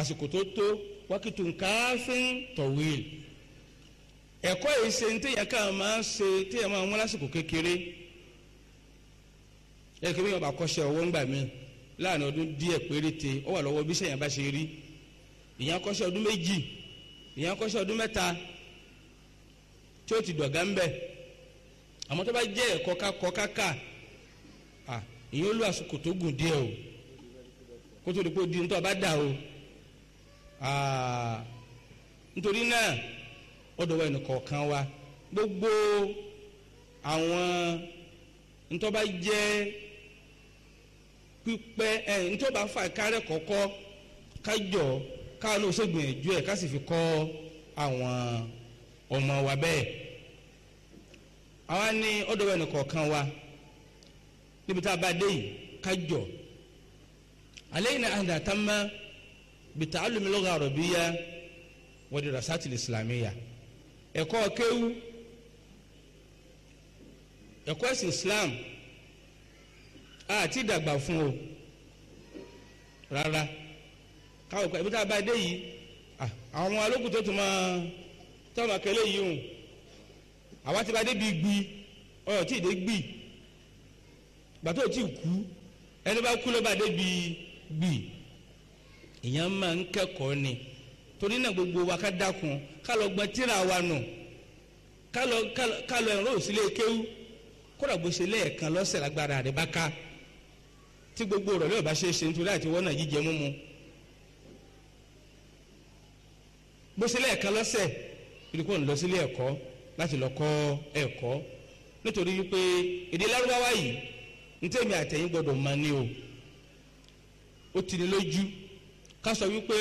àsìkò tó tó wákìtù nkáfín tọ̀wéèl ẹ̀kọ́ yìí ṣe ní téèyàn kan máa ń ṣe téèyàn máa ń wọ́n lásìkò kékeré ẹ̀kọ́ mi ọba kọ́ṣẹ́ ọwọ́ ńgbà mi láàrin ọdún díẹ̀ péréte ó wà lọ́wọ́ bí sẹ́yìn bá ṣe rí ìyẹn kọ́ṣẹ́ ọdún méjì ìyẹn kọ́ṣẹ́ ọdún mẹ́ta tí ó ti dọ̀gá ń bẹ̀ àmọ́ tó bá jẹ́ ẹ̀kọ́ kakọ́ káka ìyẹn ó lo àsìkò tó gùn díẹ̀ o kó tó di ní tó a bá dà o. Ah. nítorí náà ó dọ̀wọ́ ẹnìkọ̀ọ̀kan wa gbogbo àwọn ntọ́ba jẹ́ pípẹ́ ẹ̀ ntọ́ba fà kárẹ́ kọ́kọ́ kájọ káàánú ṣègbìyànjú ẹ̀ ká sì fi kọ́ àwọn ọmọ wa bẹ́ẹ̀ àwa ní ó dọ̀wọ́ ẹnìkọ̀ọ̀kan wa níbi tá a bá dé yìí kájọ àlẹ́ yìí àdàtà máa. bitaalumi lugha arabiya wa dirasati islamiya ẹ̀kọ́ kéwú ẹ̀kọ́ ẹ̀sìn islam àti ìdàgbà fún o rárá káwọn ẹbí tá a bá dé yìí àwọn ọmọ alókùn tó tún máa tọ́wọ́n akẹ́lẹ́ yìí hùn àwa ti bá dé bíi gbi ọ̀rọ̀ tí ì dé gbi gbàtọ́ ò tí ì kú ẹni bá kú ló bá dé èèyàn máa ń kẹ́kọ̀ọ́ ni torí náà gbogbo wa ká dákun ká lọ gbọ́n tíra wa nù ká lọ ẹ̀rọ òsílẹ̀ kéwú bó ṣe lọ́sẹ̀ lágbára rẹ̀ tí gbogbo rẹ̀ lọ́ọ̀ bá ṣe ṣe nítorí àti wọ́n náà jíjẹ múmu bó ṣe lẹ́ẹ̀kan lọ́sẹ̀ ń lọ sílé ẹ̀kọ́ láti lọ kọ́ ẹ̀kọ́ nítorí o ó ti ká sọ wípé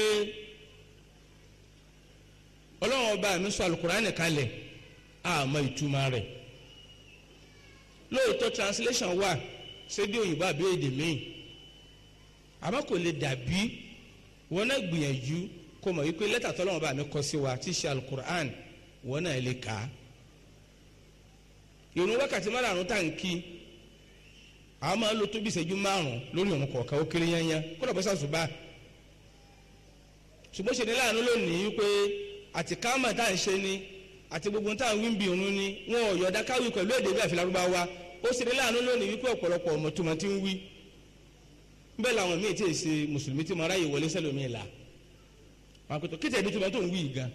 ọlọ́run ọba mi sọ alukurani kalẹ̀ àmọ́ ìtumọ̀ rẹ̀ lóòótọ́ translation wà sédí òyìnbó àbí èdè míì àmọ́ kò lè dàbí wọn náà gbìyànjú kó mọ̀ wípé lẹ́tà tọ́lọ́run ọba mi kọ sí wa tí ṣe alukurani wọn náà lè kà á ìrun wákàtí márùn-ún tá à ń kí àwọn máa ń lo tó bí ìṣẹ́jú márùn-ún lórí ọ̀run kọ̀ọ̀kan ó kéré yányá kó lọ́ọ́ bọ́ sàṣùbà ṣùgbọ́n ṣe ní láàánú lónìí wípé àti kámà tá à ń ṣe ni àti gbogbo tá à ń wí ń bi òun ni wọn ò yọ̀ọ̀dá káwí pẹ̀lú èdè bí àfi lárúbá wa ó ṣe ní láàánú lónìí wípé ọ̀pọ̀lọpọ̀ ọmọ tó máa ti ń wí bẹ́ẹ̀ làwọn míì tí ì ṣe mùsùlùmí tí mo ráyè wọlé sẹ́lómìn là wọn kò tó kéde ibi tó máa tó ń wí gan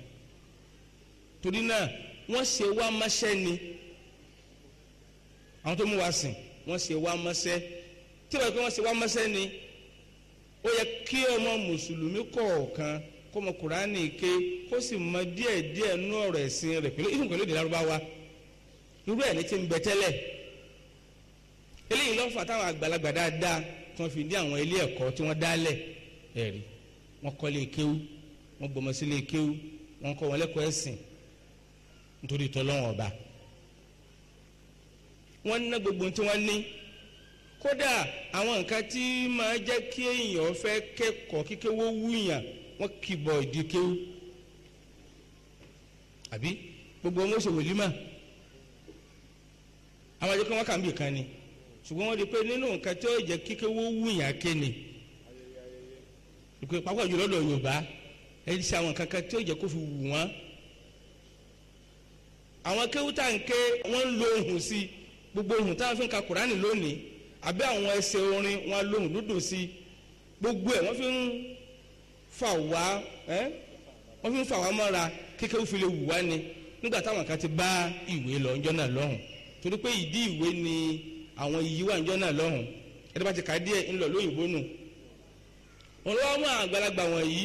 torí náà wọ́n ṣe wá mọ́ṣẹ́ ni àwọn tó mú wa sìn wọ́n ṣe wá mọ́ṣẹ́ tí ó yẹ kí ọmọ mùsùlùmí kọ̀ọ̀kan kó mọ kùránì ké kó sì mọ díẹ̀ díẹ̀ nú ọ̀rọ̀ ẹ̀sìn rẹ̀ pẹ̀lú ìfún pẹ̀lú èdè lárúbáwá irú ẹ̀ ní ti ń bẹ tẹ́lẹ̀ eléyìí ló táwọn àgbàlagbà dáadáa tí fi dí àwọn ilé ẹ̀kọ́ tí wọ́n dálẹ̀ wọ́n kéwú wọ́n gbọmọ sílé kéwú wọ́n kọ́ wọn lẹ́kọ̀ọ́ ẹ̀sìn nítorí ọba wọ́n ná gbogbo tí wọ́n kódà àwọn nǹkan tí máa jẹ́ kí èèyàn fẹ́ kẹ́kọ̀ọ́ kíkéwó wúyàn wọ́n kìbọ̀ ìdí kéwú àbí gbogbo wọn ṣe wòlímà àwọn àjẹkọ́ wọn kà ń bì kan ni ṣùgbọ́n wọ́n di pé nínú nǹkan tí ó jẹ́ kíkéwó wúyàn kéne ìpè pàápàá jùlọ lọ Yorùbá ẹni sí àwọn kankan tí ó jẹ́ kó fi wù wọ́n àwọn kéwú tá à ké wọ́n ń lo ohùn sí gbogbo ohùn tá a fi ń ka Kùránì lónìí àbí àwọn ẹsẹ̀ orin wọn lóhùn dúdùn sí gbogbo ẹ̀ wọ́n fi ń fà wá ẹ́ wọ́n fi ń fà wá mọ́ra kékeré fi lè wù wá ni nígbà táwọn kan ti bá ìwé lọ ńjọ́ náà lọ́hùn torí pé ìdí ìwé ni àwọn iyì wà ńjọ́ náà lọ́hùn ẹni bá ti kà díẹ̀ ńlọ lóyìnbó nù wọn lọ́wọ́ mú àwọn àgbàlagbà wọ̀nyí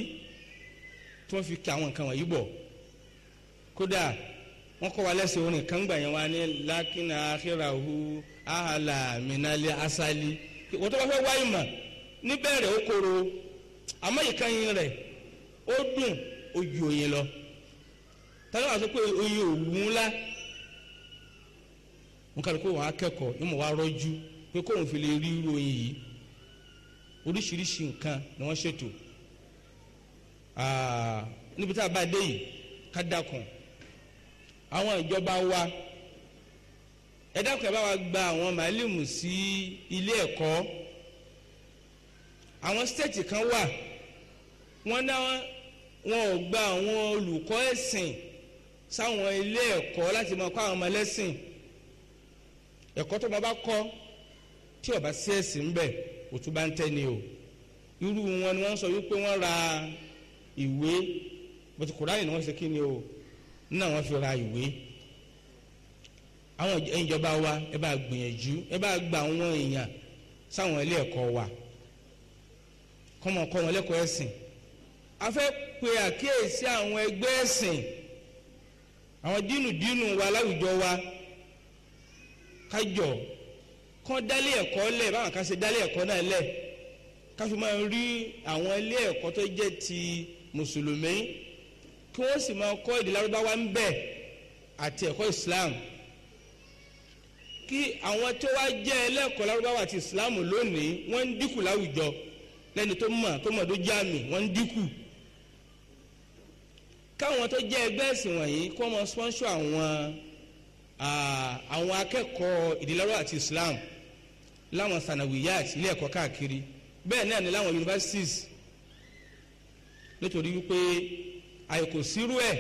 tí wọ́n fi kí àwọn nǹkan wọ̀nyí bọ̀ kódà wọ́n kọ́ wa lẹ́sẹ̀ orin kan gbà yẹn wá ní lákínà àkírà òhùn àhàlà minali asali wọ́n tó bá fẹ́ wá ìmọ̀ níbẹ̀rẹ̀ ó koro àmọ́ ìkànnì rẹ̀ ó dùn ó ju oyin lọ tani wàá sọ pé oyin òwú ńlá wọn kàdé kó wọn akẹ́kọ̀ọ́ ní mo wá rọ́jú pé kóun fi lè rí irú oyin yìí oríṣiríṣi nǹkan ni wọ́n ṣètò níbi tá a bá dé yìí ká dákun àwọn ìjọba wa ẹ dákun ẹ bá wa gba àwọn màálìmù sí ilé ẹ̀kọ́ àwọn stéètì kan wà wọ́n dá wọn ò gba àwọn olùkọ́ ẹ̀sìn sáwọn ilé ẹ̀kọ́ láti máa kọ́ àwọn ọmọ ẹlẹ́sìn ẹ̀kọ́ tó máa bá kọ́ tí ó sí ẹ̀sìn ń bẹ òtún bá ń tẹ́ o irú wọn ni wọ́n sọ wípé wọ́n ra ìwé bọ́tù kùránì ni wọ́n ṣe kí ni o náà wọ́n fi ra ìwé àwọn ìjọba wa ẹ bá gbìyànjú ẹ bá gba àwọn èèyàn sáwọn ilé ẹ̀kọ́ wa kọ́mọ kọ́ wọn lẹ́kọ̀ọ́ ẹ̀sìn a fẹ́ pe àkíyèsí àwọn ẹgbẹ́ ẹ̀sìn àwọn dínúdínú wa láwùjọ wa kájọ kán dálé ẹ̀kọ́ lẹ̀ báwọn kan ṣe dálé ẹ̀kọ́ náà lẹ̀ káfí máa rí àwọn ilé ẹ̀kọ́ tó jẹ́ ti mùsùlùmí kí wọ́n sì máa kọ́ èdè lárúbáwá ń bẹ àti ẹ̀kọ́ Islam kí àwọn tó wá jẹ́ ẹlẹ́kọ̀ọ́ lárúbáwá àti ìsìláàmù lónìí wọ́n ń dínkù láwùjọ lẹ́ni tó mọ̀ tó mọ̀ tó jẹ́ àmì wọ́n ń dínkù káwọn tó jẹ́ ẹgbẹ́ ẹ̀sìn wọ̀nyí kó mọ sponsor àwọn àwọn akẹ́kọ̀ọ́ ìdílọ́rọ̀ àti Islam láwọn sanawiyat ilé ẹ̀kọ́ káàkiri bẹ́ẹ̀ náà ni láwọn universities nítorí wípé àìkò sírú ẹ̀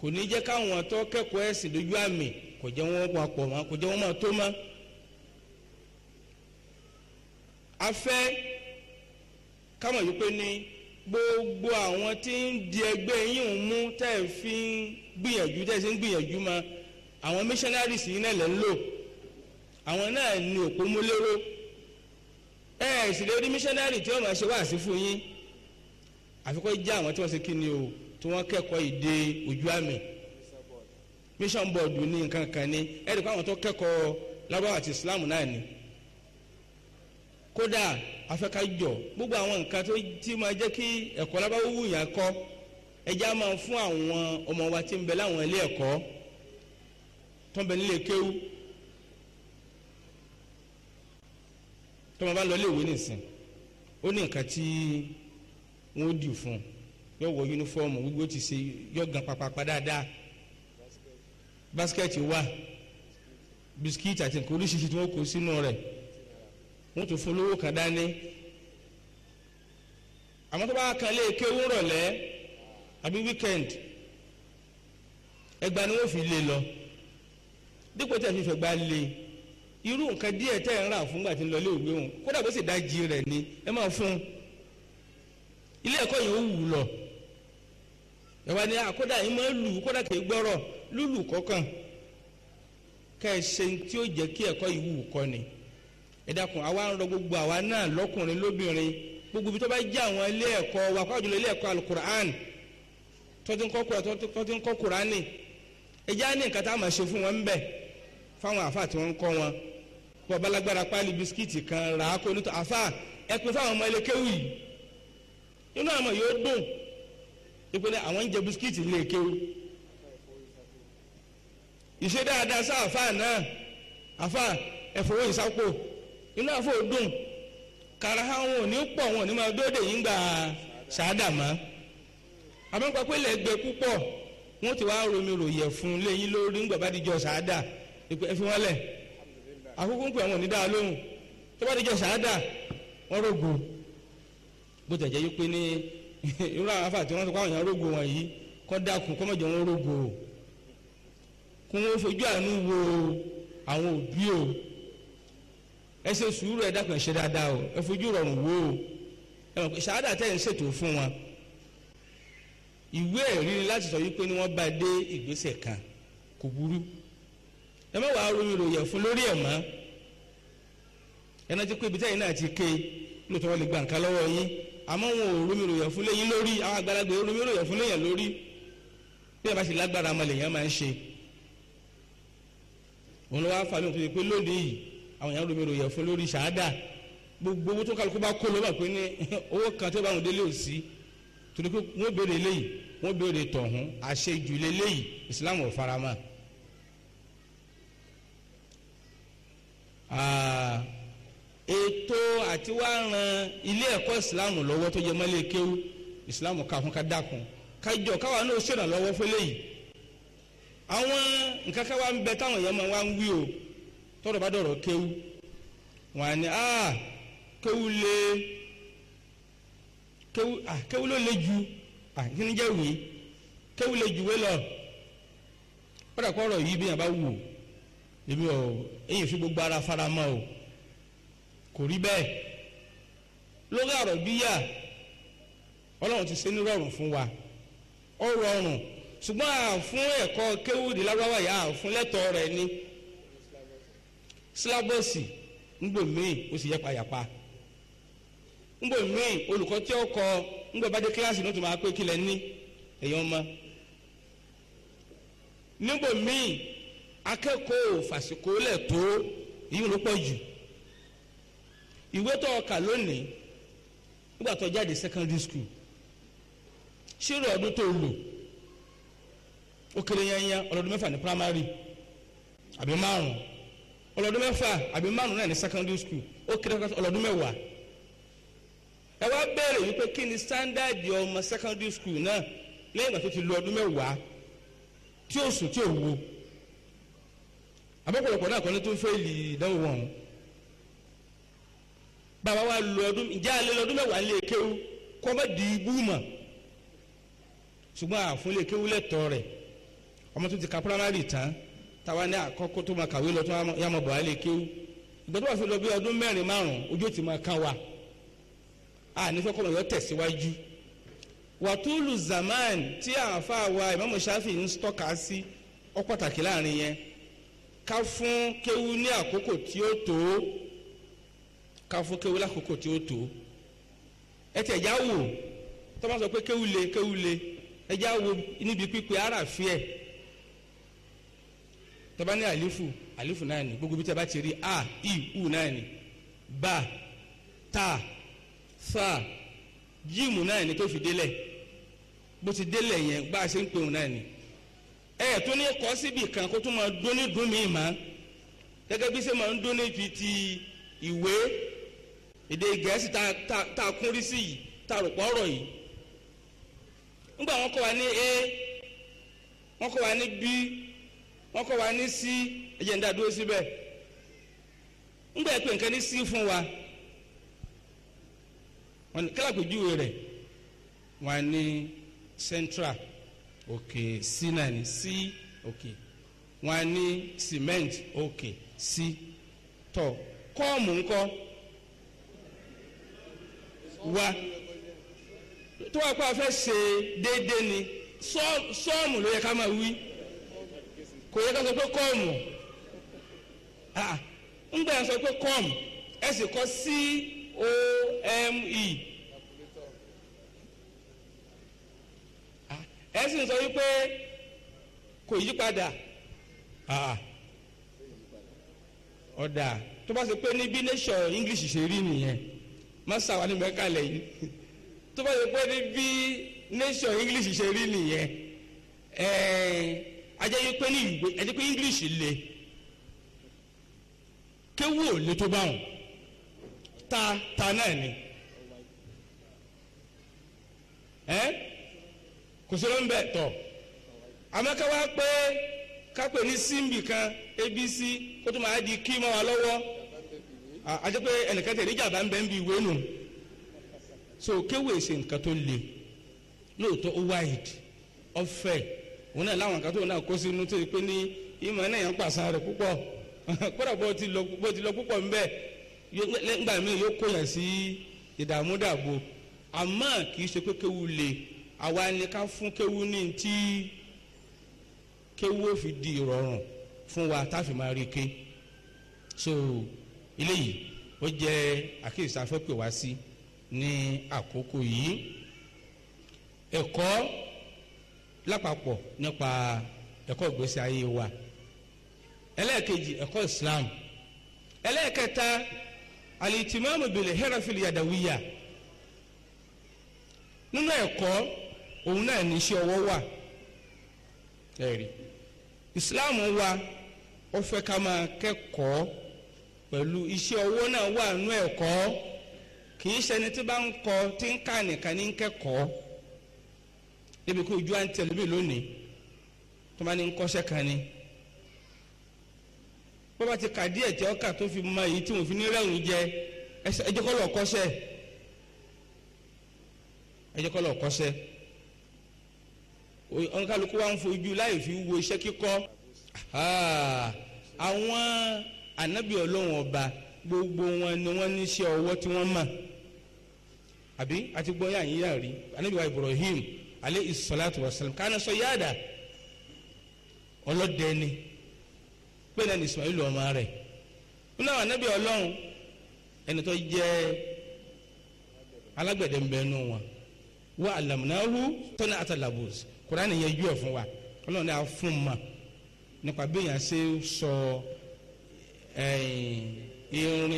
kò ní jẹ́ káwọn tó kẹ́kọ̀ọ́ ẹ̀sìn dojú àmì kò jẹ́ wọ́n papọ̀ mọ́ kò jẹ́ wọ́n máa tó mọ́. a fẹ́ kámọ̀ yìí pé ní gbogbo àwọn tí ń di ẹgbẹ́ yín mú tẹ́ ẹ fi ń gbìyànjú tẹ́ ẹ sì ń gbìyànjú mọ́ àwọn missionaries yìí náà lẹ́ ń lò àwọn náà ni òpó múlẹ́rọ́ ẹ ẹ sì lè rí missionary tí wọ́n máa ṣe wáàsí fún yín àfikún jẹ́ àwọn tí wọ́n ṣe kí ni o tí wọ́n kẹ́kọ̀ọ́ ìdè ojú àmì mission board ní nǹkan kan ní ẹ̀rí pé àwọn tó kẹ́kọ̀ọ́ lábọ́ àti islam náà ni kódà afẹ́kájọ gbogbo àwọn nǹkan tó ti máa jẹ́ kí ẹ̀kọ́ lábáwó wù yàn kọ́ ẹjẹ́ á máa fún àwọn ọmọ wa tí ń bẹ láwọn ilé ẹ̀kọ́ tó ń bẹ nílé kéwú tó máa bá lọ ilé nìsín ó ní nǹkan tí wọ́n dì fún yóò wọ yunifọ́ọ̀mù gbogbo ti ṣe yóò gan papapa dáadáa báskẹ́ẹ̀tì wà bisikíìtì àti nǹkan oríṣiríṣi tí wọ́n kó sínú rẹ̀ wọ́n tún fún lówó kan dání àmọ́ tó bá kan lé kéwú rọ̀lẹ́ àbí wíkẹ́ndì ẹgbàá ni wọ́n fi lé lọ dípò tí a fi fẹ̀gbá lé irú nǹkan díẹ̀ tẹ́ ẹ̀ ń rà fúngbà tí ń lọ ilé kódà bó sì dájí rẹ̀ ni ẹ máa fún un ilé ẹ̀kọ́ yìí ó wù lọ ẹ wá ní àkódà yìí máa lù ú kódà kìí gbọ́rọ̀ Lulu kọ́kàn ká ẹ ṣe tí ó jẹ́ kí ẹ̀kọ́ yìí wù kọ́ ni ẹ dákun àwa ń rọ gbogbo àwa náà lọ́kùnrin lóbìnrin gbogbo ibi tó bá jẹ́ àwọn ilé ẹ̀kọ́ wa kó àjùlọ ilé ẹ̀kọ́ alukur'an tó ti ń kọ́ kura tó ti ń kọ́ kur'ani ẹ jẹ́ àní nǹkan tá a máa ṣe fún wọn ń bẹ̀ fáwọn àfa tí wọ́n ń wọn pọ̀ balagbara páálí bisikíìtì kan rà nítorí àfa ẹ pin fáwọn ọmọ ẹlẹ́kẹ́wì inú àwọn yóò dùn ìpínlẹ̀ àwọn ń jẹ bisikíìtì lè kéwì ìṣe dáadáa sá àfáà náà àfáà ẹ̀fọ́wọ́ ìsápò inú àfọ́ òdùn kàrà àwọn òní pọ̀ wọn ní máa dóde yìí ń gbà sàádàmọ́ àmọ́pá pé lẹ́gbẹ́ púpọ̀ wọ́n ti wá romi ròyẹ̀ fún léyìn lórí ńgbà bá dijọ́ sàádà ẹ fi lẹ̀ àkókò ń pè àwọn onídàá lóhùn tó bá dijọ́ sàádà wọ́n rògbò bó yí pé ní irú àwọn wọn sọ pé àwọn kó wọ́n fojú àánú wo àwọn òbí o ẹ ṣe sùúrù ẹ dákun ẹ ṣe dáadáa o ẹ fojú rọrùn wo o ẹ mọ̀ pé ṣáádà tẹ́ ẹ̀ ń ṣètò fún wọn ìwé ẹ̀rí ni láti sọ wípé ni wọ́n bá dé ìgbésẹ̀ kan kò burú ẹ má wàá ronú ìròyìn fún lórí ẹ̀ mọ́ ẹ náà ti pé ibi tẹ́yìn náà ti ké lóòótọ́ wọn lè gba nǹkan lọ́wọ́ yín àmọ́ wọn ò ronú ìròyìn fún lẹ́yìn lórí àwọn àgbàlagbà ronú ìròyìn fún lẹ́yìn lórí bí ẹ bá ṣe lágbára ọmọ lèèyàn máa ń ṣe òun ló wá fà lóhùn tó yẹ pé lónìí yìí àwọn èèyàn romero yẹ fún lórí ṣáádà gbogbo owó tó kálukú bá kó lọ́wọ́ pé ní owó kan tó bá wọn délé òsì torí pé wọ́n béèrè léyìí wọ́n béèrè tọ̀hún àṣejù léyìí ìsìlámù ò fara mọ́. ètò àti wá ran ilé ẹ̀kọ́ ìsìlámù lọ́wọ́ tó yẹ mọ́lẹ̀ ìsìlámù ká fún ká dákun kájọ káwa náà ṣèrànlọ́wọ́ fún léyìí àwọn nǹkan kan wà ń bẹ táwọn èèyàn máa wá ń wí o tọ́rọ̀ bá dọ̀rọ̀ kéwú wọn ni a ah, kéwú lé kéwú a ah, kéwú ló lé ju a ah, kíni jẹ́ wí kéwú lé ju wé lọ kọ́dà kọ́ ọ̀rọ̀ yìí bí yàn bá wù èmi ò èyí fi gbogbo ara fara mọ́ o kò rí bẹ́ẹ̀ lórí àrọ̀ bíyà ọlọ́run ti ṣe nírọ̀rùn fún wa ọ̀rọ̀ ọ̀rùn ṣùgbọ́n à ń fún ẹ̀kọ́ kéwúdì lárúbáwá yìí à ń fún lẹ́tọ̀ọ́ rẹ̀ ni sílábọ̀sì ńgbò míì ó sì yẹpayàpa ńgbò míì olùkọ́ tí ó kọ ńgbò bá dé kíláàsì ló tún máa pé kílẹ̀ ní èèyàn mọ́ nígbò míì akẹ́kọ̀ọ́ fàṣíkò lẹ̀ tó èyí ló pọ̀ jù ìwé tó ọkà lónìí nígbà tó jáde secondary school ṣírò ọdún tó lò ó kéré yányán ọlọ́dún mẹ́fà ní primary àbí márùn ọlọ́dún mẹ́fà àbí márùn náà ní secondary school ó kéré ọlọ́dún mẹ́wàá ẹ wá béèrè wípé kí ni standard ọmọ secondary school náà lẹ́yìn ìgbà tó ti lo ọdún mẹ́wàá tí ó sùn tí ó wo abọ́pọ̀lọpọ̀ náà kọ́ ni tó ń fẹ́ẹ̀lì ìdánwò wọn bàbá wa lo ọdún ìjà àlè lọ́dún mẹ́wàá lè kéwu kọ́ bá di ibú mọ̀ ṣùgbọ́n àfúnlé kéwu lẹ́tọ̀ọ́ rẹ̀ ọmọ tó ti ka primary tán táwa ní àkọ́kọ́ tó máa kàwé lọ tó yà máa bọ̀ wá lè kéwú ìgbà tó bá fi lọ bí ọdún mẹ́rin márùn-ún ojú ò ti máa kán wa a ní fọ́kọ́ mọ̀ yọ tẹ̀síwájú wàtúlù zaman tí àáfà wa ìmáàmù Ṣáfì ń tọ́ka sí ọ pàtàkì láàrin yẹn ká fún kéwú ní àkókò tí ó tó ká fún kéwú lákòókò tí ó tó ẹ tẹ̀ já wò tọ́ bá sọ pé kéwú le kéwú le ẹ já wò níbi pípé ara fi ẹ̀ tẹ́bá ní àlífù àlífù náà ni gbogbo bí tẹ́bá ti rí a i u náà ni ba ta sa jíìmù náà ni tó fi délẹ̀ bó ti délẹ̀ yẹn bá a ṣe ń pè wọn náà ni ẹ tó ní kọ́ síbi kan kó tó máa dóní dún mí mà gẹ́gẹ́ bí ṣe máa ń dóní fi ti ìwé èdè gẹ̀ẹ́sì tá tá a kúnrí sí yìí tá a rò pọ̀ ọ̀rọ̀ yìí nígbà wọn kọ́ wa ní a wọn kọ́ wa ní b wọ́n kọ́ wa ní sí ẹ̀jẹ̀ ń dá dúró síbẹ̀ ńgbà ẹ̀ pé nǹkan ní sí fún wa wọ́n ní kílápèjúwe rẹ̀ wọ́n ní central òkè sí náà ní sí òkè wọ́n ní cement òkè sí tọ̀ kọ́ọ̀mù ńkọ́ wa tó wà pé a fẹ́ ṣe déédéé ni sọ́ọ̀mù ló yẹ ká máa wí kò yẹ ká sọ pé kọ́ọ̀mù ń gbà sọ pé kọ́ọ̀mù ẹ sì kọ́ c o m e ẹ sì ń sọ wípé kò yí padà ọ̀dà tó bá ṣe pé ní nation English ṣe rí nìyẹn mọ́sá wa ní mẹ́kàlẹ̀ yìí tó bá ṣe pé ní nation English ṣe rí nìyẹn ajẹ́ yín pé ní ìgbé ẹni pé english le kéwù ò le tó báwọn ta ta náà ni ẹ kò sí ló ń bẹ tọ amẹ́kẹ́wá pé kápẹ́ ní símbì kan abc kó tó máa di kí mọ́ wa lọ́wọ́ ajẹ́ pé ẹnìkan tẹ̀ níjà ń bẹ́ ń bi ìwé nù so kéwù èsì nǹkan tó le lóòótọ́ ó wáìdì ọ̀fẹ́ òun náà láwọn kan tó náà kó sínú tó yẹ pé ní ìmọ̀ náà yẹn ń pàṣán rẹ̀ púpọ̀ kódà bó ti lọ bó ti lọ púpọ̀ ńbẹ nígbà míì yóò kó yàn sí ìdààmú dààbò àmọ́ kì í ṣe pé kéwu lè àwa ni ká fún kéwu ní ti kéwu ó fi di ìrọ̀rùn fún wa tá a fi máa rí ké so eléyìí ó jẹ́ àkíyèsí afẹ́pẹ́ wá sí ní àkókò yìí ẹ̀kọ́. E lápapọ̀ nípa ẹ̀kọ́ ìgbésí ayé wa ẹlẹ́ẹ̀kejì ẹ̀kọ́ islam ẹlẹ́ẹ̀kẹta alitimamu bil herafil yadawiya nínú ẹ̀kọ́ òun náà ní ọwọ́ wà ẹ̀rí islam wa ó ká máa kẹ́kọ̀ọ́ pẹ̀lú iṣẹ́ ọwọ́ náà wà nínú ẹ̀kọ́ kì í kọ tí ń nìkan débi kó ojú à ń tẹ̀lé mi lónìí tó bá ní ń kọ́ṣẹ́ kan ni bó bá ti kà díẹ̀ tí ọkà tó fi mọ èyí tí wọ́n fi ní rẹ́rùn jẹ ẹ jẹ́ kó lọ kọ́ṣẹ́ ẹ jẹ́ kó lọ kọ́ṣẹ́ ọ̀nkálukú wa ń fojú láì fi wo iṣẹ́ kíkọ́ àwọn ànábì ọlọ́run ọba gbogbo wọn ni wọ́n ní iṣẹ́ ọwọ́ tí wọ́n mọ̀ àbí àti gbọ́yà yíyà rí ànábì wa Ibrahim aleyhi salatu wa salam kana sayyada ọlọ́dẹ ni pé náà ní ismail ọmọ rẹ̀ nínú àwọn anábìá ọlọ́run ẹni tó jẹ́ alágbẹ̀dẹ wa alamunahu tọ́nà atalabos kuraani yẹn ju ẹ̀ fún wa ọlọ́run náà fún ma nípa bẹ́ẹ̀ yẹn ṣe sọ irin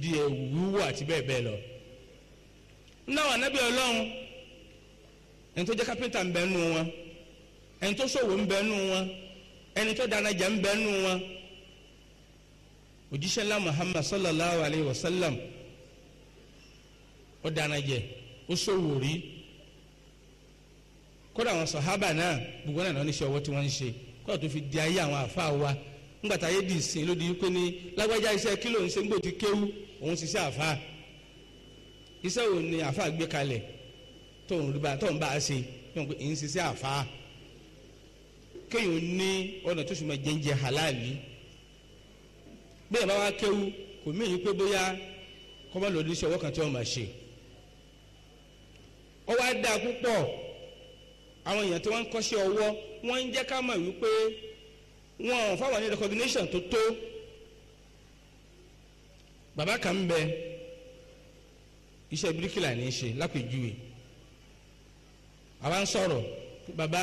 di ewu wíwú àti bẹ́ẹ̀ bẹ́ẹ̀ lọ nínú àwọn anábìá ẹni jẹ jẹ́ kápẹ́ntà ń wọn ẹni tó ṣòwò ń wọn ẹni wọn Muhammad sallallahu alayhi wa sallam ó dánájẹ ó ṣòwò rí kódà àwọn sàhábà náà gbogbo náà ní ọwọ́ tí wọ́n ń ṣe kódà tó fi di ayé àwọn àfa wa ńgbàtà ayé di ìsìn ló di lágbájá iṣẹ́ kí ló ń ṣe kéwú òun ṣiṣẹ́ tóun bá tóun bá ṣe yóò pé ń ṣiṣẹ́ àfa kéèyàn ní ọ̀nà tó sì jẹ́njẹ́ halali bẹ́ẹ̀ bá wá kéwu kò mí yìí pé bóyá kọ́mọ́ lòdì sí ọwọ́ kan tí wọ́n máa ṣe ó wá dáa púpọ̀ àwọn èèyàn tí wọ́n ń kọ́ṣẹ́ ọwọ́ wọ́n ń jẹ́ ká mọ̀ wípé wọn fáwọn ní recognition tó tó bàbá kan ń bẹ iṣẹ́ bíríkìlà ní í ṣe lápèjúwe àwa ń sọ̀rọ̀ bàbá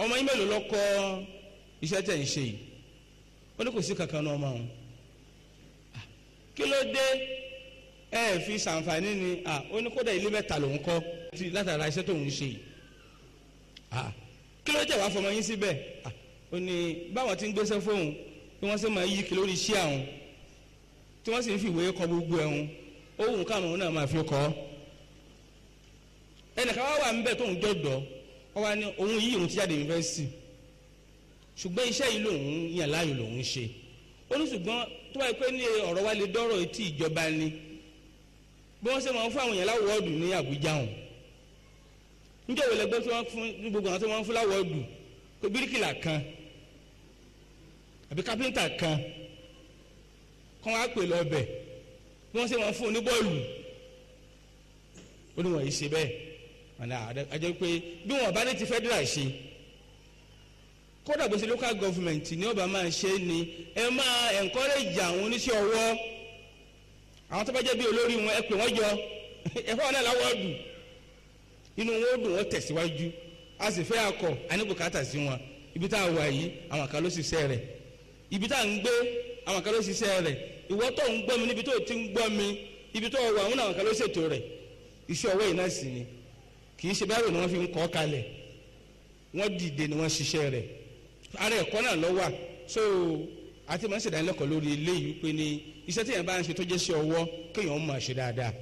ọmọ yín mélòó lọ kọ́ iṣẹ́ tẹ̀ ń ṣe yìí ó ní kò sí kankan náà ọmọ òun kí ló dé ẹ fi ṣàǹfààní ni ó ní kódà ilé mẹ́ta lòún kọ́ látara iṣẹ́ tóun ṣe yìí kí ló jẹ́ wàá fọmọ yín síbẹ̀ ó ní báwọn ti ń gbéṣẹ́ fóun bí wọ́n sì máa yí kí lórí iṣẹ́ àwọn tí wọ́n sì ń fi ìwé kọ gbogbo ẹ̀hún ó wù káwọn náà máa fi kọ́ ọ́ ẹnìkan wá wà níbẹ̀ tó ń jọ̀dọ̀ wọ́n wá ní òun yìí òun ti jáde yunifásitì ṣùgbọ́n iṣẹ́ yìí lòun yàn láàyò lòun ṣe ó ní ṣùgbọ́n tó wáyé pé ní ọ̀rọ̀ wa lè dọ́rọ̀ etí ìjọba ni bí wọ́n ṣe máa ń fún àwọn èèyàn láwọ́ọ̀dù ní Àbújá hàn níjọ́ wo lẹ́gbẹ́ tí wọ́n fún gbogbo àwọn tí wọ́n fún láwọ́ọ̀dù pé bíríkìlà kan àbí kápẹ́ńtà kan kọ́ wá pè lọ́bẹ̀ bí wọ́n ṣe máa ń fún oníbọ́ọ̀lù ó ní wọ́n yìí ṣe bẹ́ẹ̀ àjọ pé bí wọn bá ní ti federal ṣe kódà gbèsè local government ní ọba máa ṣe ni ẹ máa encourage àwọn oníṣẹ́ ọwọ́ àwọn tó bá jẹ́ bí olórí wọn ẹ pè wọ́n jọ ẹ̀fọ́ wọn náà láwọ́ dùn inú wọn ó dùn wọ́n tẹ̀síwájú a sì fẹ́ akọ àníbùkátà sí wọn ibi tá a wà yìí àwọn kan ló ṣiṣẹ́ rẹ̀ ibi tá a ń gbé àwọn kan ló ṣiṣẹ́ rẹ̀ ìwọ tó ń gbọ́ mi níbi tó ti ń gbọ́ mi ibi tó wà àwọn kan ló ṣètò rẹ̀ iṣẹ́ ọwọ́ yìí náà sì ni kì í ṣe báyìí ni wọ́n fi ń kọ́ kalẹ̀ wọ́n dìde ni wọ́n ṣiṣẹ́ rẹ̀ ara ẹ̀kọ́ náà ló wà so àti màá ṣe ìdánilẹ́kọ̀ọ́ lórí eléyìí wípé ni iṣẹ́ tí èèyàn bá ń ṣe tó jẹ́ sí ọwọ́ kéèyàn máa ṣe dáadáa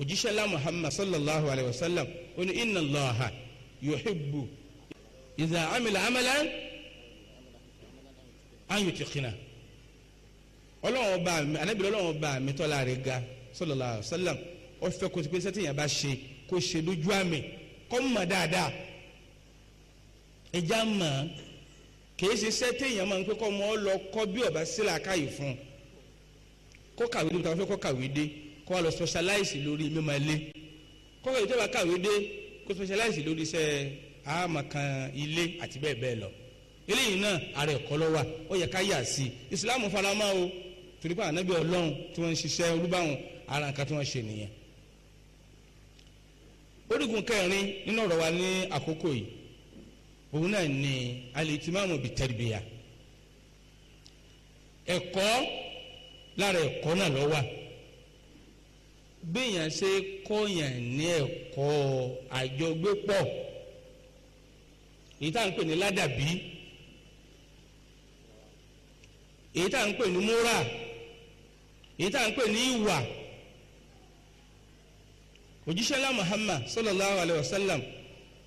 òjíṣẹ́ lá Muhammad sallallahu alayhi wa sallam ó ní inna Hebu, yuhibbu idha amila amalan an yutiqina ọlọ́wọ́n bá mi anábìrì ọlọ́wọ́n bá mi tọ́lá rẹ̀ ga sallallahu alayhi wa sallam ó fẹ́ kó ti pé iṣẹ́ tí èèyàn bá ṣe kó ṣe lójú àmì kọ́ mọ̀ dáadáa ẹja mọ̀ kìí ṣe iṣẹ́ téèyàn máa ń pẹ́ kọ́ mọ́ ọ lọ kọ́ bí ọba sílẹ̀ akáyì fún un kó kàwé dé tàbí kó kàwé dé kó wà lọ specialize lórí mímọ ilé kó kàwé tó kàwé dé kó specialize lórí iṣẹ́ àmọ̀kan ilé àti bẹ́ẹ̀ bẹ́ẹ̀ lọ eléyìí náà ara ẹ̀kọ́ lọ́wọ́ ó yẹ ká yà sí ìsìlámù faramá o torí pé ànábì ọlọ́run tí wọ́n ń ṣiṣẹ́ olúbáwọn ara nǹkan tí wọ́n ṣe nìyẹn orígun kẹrin nínú ọ̀rọ̀ wa ní àkókò yìí òun náà ni alìtìmáàmù bíi tẹ̀rìbìyà ẹ̀kọ́ lára ẹ̀kọ́ náà lọ wà bíyàn ṣe kọ́yàn ní ẹ̀kọ́ àjọgbépọ̀ èyí tá à ń pè ní ládàbí èyí tá à ń pè ní múra èyí tá à ń pè ní ìwà. òjíṣẹ́lá muhammad sallallahu alayhi wa sallam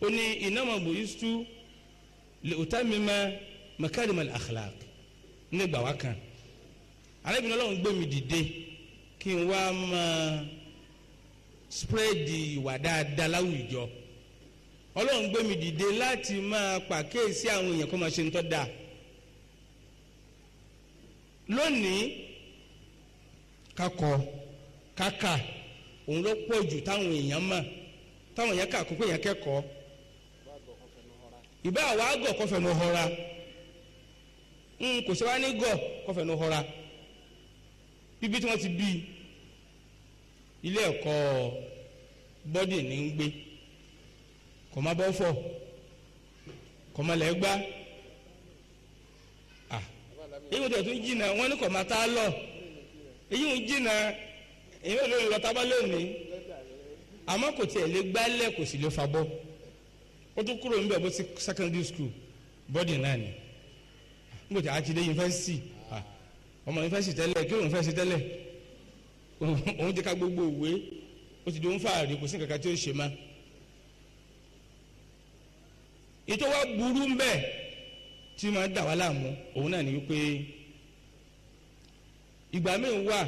ó ní innama bu'istu li utammima makarimal akhlaq nígbà wá kan arábìnrin ọlọ́run gbé mi dìde kí n wá máa spreadi ìwà dáadáa láwùjọ ọlọ́run gbé mi dìde láti máa pàkíyèsí àwọn èèyàn kó máa ṣe ń tọ́ da lónìí kakọ kaka òun ló pọ̀ jù táwọn èèyàn mọ̀ táwọn èèyàn kà kókó èèyàn kẹ́kọ̀ọ́ ìbá gọ̀ họra n hmm, kò ṣe wá ní gọ̀ kọfẹ̀nu họra bíbí tí wọ́n ti bí ilé ẹ̀kọ́ bọ́dì ní ń gbé kò má bọ́ fọ̀ kò má lẹ́ gbá ah, èyí tún jìnnà wọ́n ní kò má lọ èyí jìnnà. èyí ò lè lọ tábà lónìí àmọ́ kò tiẹ̀ lè gbálẹ̀ kò sì lè fa bọ́ ó tún kúrò níbẹ̀ bó ti secondary school bọ́dì náà ni níbo tí a ti dé yunifásitì ọmọ yunifásitì tẹ́lẹ̀ kí òun fẹ́ ṣe tẹ́lẹ̀ òun ti ka gbogbo òwe ó ti di òun fàárì kò sí nǹkan tí ó ṣe má ètò wa burú ń bẹ tí máa dà wá láàmú òun náà ni wípé ìgbà míì wà.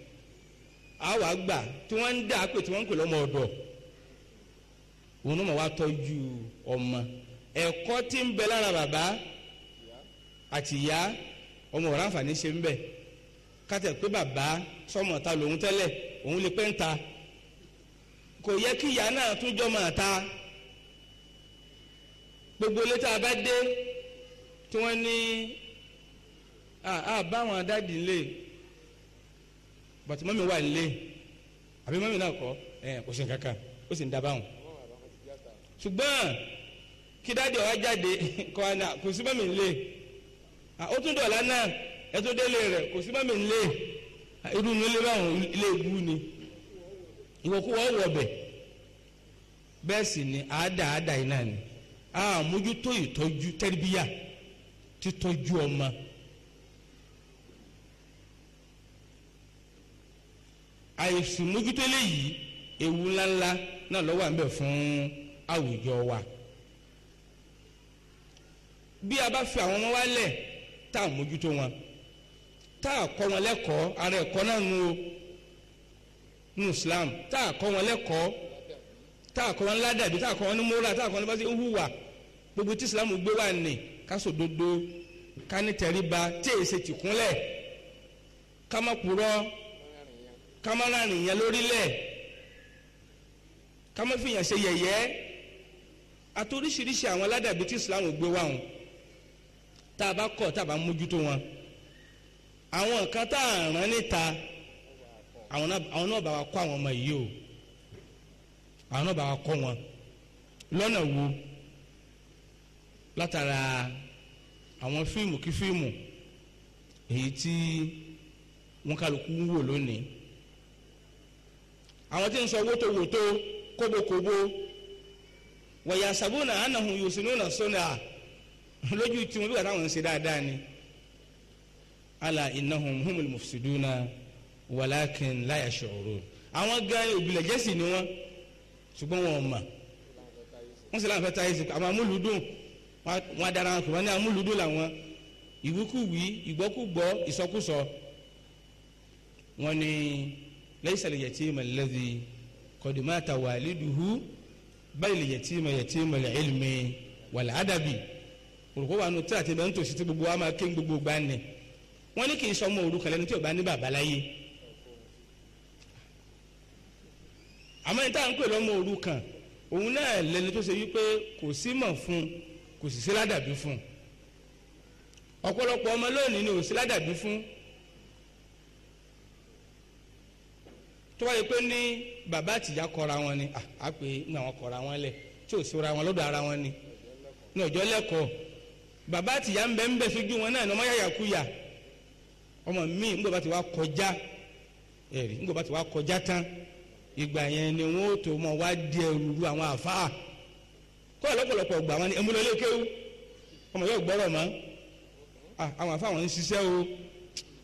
àwa gbà tí wọ́n ń dà pé tí wọ́n ń pè lọ́mọ ọ̀dọ̀ òun náà wá tọ́jú ọmọ ẹ̀kọ́ tí ń bẹ lára bàbá àti ìyá ọmọ ọ̀rá àǹfààní ṣe ń bẹ kátẹ̀ pé bàbá sọmọ ta lòun tẹ́lẹ̀ òun lè pẹ́ ń ta kò yẹ kí ìyá náà tún jọ máa ta gbogbo létà abá dé tí wọ́n ní àbáwọn adáàdì ńlẹ̀ but mọ́mí wà nílé àbí mọ́mí náà kọ́ ẹ̀ kò sí kankan ó sì ń dábàá wọn. ṣùgbọ́n kí dáàdi ọ̀rá jáde kọ́ àná kò sí mọ́mí nílé ó tún dọ̀la náà ẹ tó délé rẹ̀ kò sí mọ́mí nílé irú nílé báwọn ilé ìbú ni ìwọ̀kúwọ̀ wọ̀ bẹ̀ bẹ́ẹ̀ sì ni àádáa àádáa iná ni àmójútó ìtọ́jú tẹ́rìbíyà títọ́jú ọmọ. àìsùn mójútó léyìí ewu ńláńlá náà ló wà ń bẹ fún àwùjọ wa bí a bá fi àwọn ọmọ wa lẹ̀ tá a mójútó wọn tá a kọ́ wọn lẹ́kọ̀ọ́ ara ẹ̀kọ́ náà nu nu Islam tá a kọ́ wọn lẹ́kọ̀ọ́ tá a kọ́ wọn ládàbí tá a kọ́ wọn ní mọ́ra tá a kọ́ wọn ní bá gbogbo tí Islam gbé wà ní kásòdodo kánítẹ̀ríba tí èsè tìkúnlẹ̀ kámọ́kùrọ́ ká má ràn yẹn lórílẹ̀ ká má fìyàn ṣe yẹ̀yẹ́ àti oríṣiríṣi àwọn aládàbí tí Islam gbé wá wọn tá a bá kọ̀ tá a bá mójútó wọn àwọn kan tá a rán níta àwọn náà bá wa kọ́ àwọn ọmọ yìí o àwọn náà bá wa kọ́ wọn lọ́nà wo látara àwọn fíìmù kí fíìmù èyí tí wọ́n kálukú ń wò lónìí àwọn tí ń sọ wótòwótò kóbókóbó wọ̀yà sàbúnà ànàhùn yòsùnúnà sọ́nà lójú tí wọn bí wà táwọn ń ṣe dáadáa ni ala ìnáhùn humul mufsiduna wàlákin láyà ṣòro àwọn gan òbílẹ̀jẹ́ sì ni wọ́n ṣùgbọ́n wọn ò wọ́n sì láǹfẹ́ táyé sí àwọn amúlùdùn wọn adara wọn kò wọ́n ní amúlùdùn làwọn ìwíkúwìí ìgbọ́kúgbọ́ ìsọkúsọ wọn ni laysa al-yatima alladhi qad mata waliduhu bal al-yatima yatima al-ilmi wal-adabi olùkọ́ wa nù tí àti bẹ́ẹ̀ ń tòṣì tí gbogbo wa máa ké gbogbo gbà ní wọ́n ní kì í sọmọ òrukàn lẹ́ni tí ò bá ní bàbá láyé àmọ́ ìta ń pè lọ́mọ òrukàn òun náà lẹ́ni tó ṣe wípé kò sí mọ̀ fún kò sì sí ládàbí fún ọ̀pọ̀lọpọ̀ ọmọ lónìí ni ò sí ládàbí fún tó bá yẹ pé ní bàbá àtìyá kọra wọn ni à ah, pé ní àwọn kọra wọn lẹ tí ò sora wọn lọ́dọ̀ ara wọn ni ní ọjọ́ lẹ́kọ̀ọ́ bàbá àtìyá ń bẹ ń bẹ sójú wọn náà ni ọmọ yàyà kú yà ọmọ míì ńgbà bá ti wá kọjá ẹ̀rí ńgbà bá ti wá kọjá tán ìgbà yẹn ni wọn ò tó mọ wá di ẹrù àwọn àfáà kọ́ ẹ̀ gbà wọn ni ẹmúlẹ́lẹ́ ọmọ yóò gbọ́rọ̀ mọ́ ah, àwọn àfáà wọn ń ṣiṣẹ́ o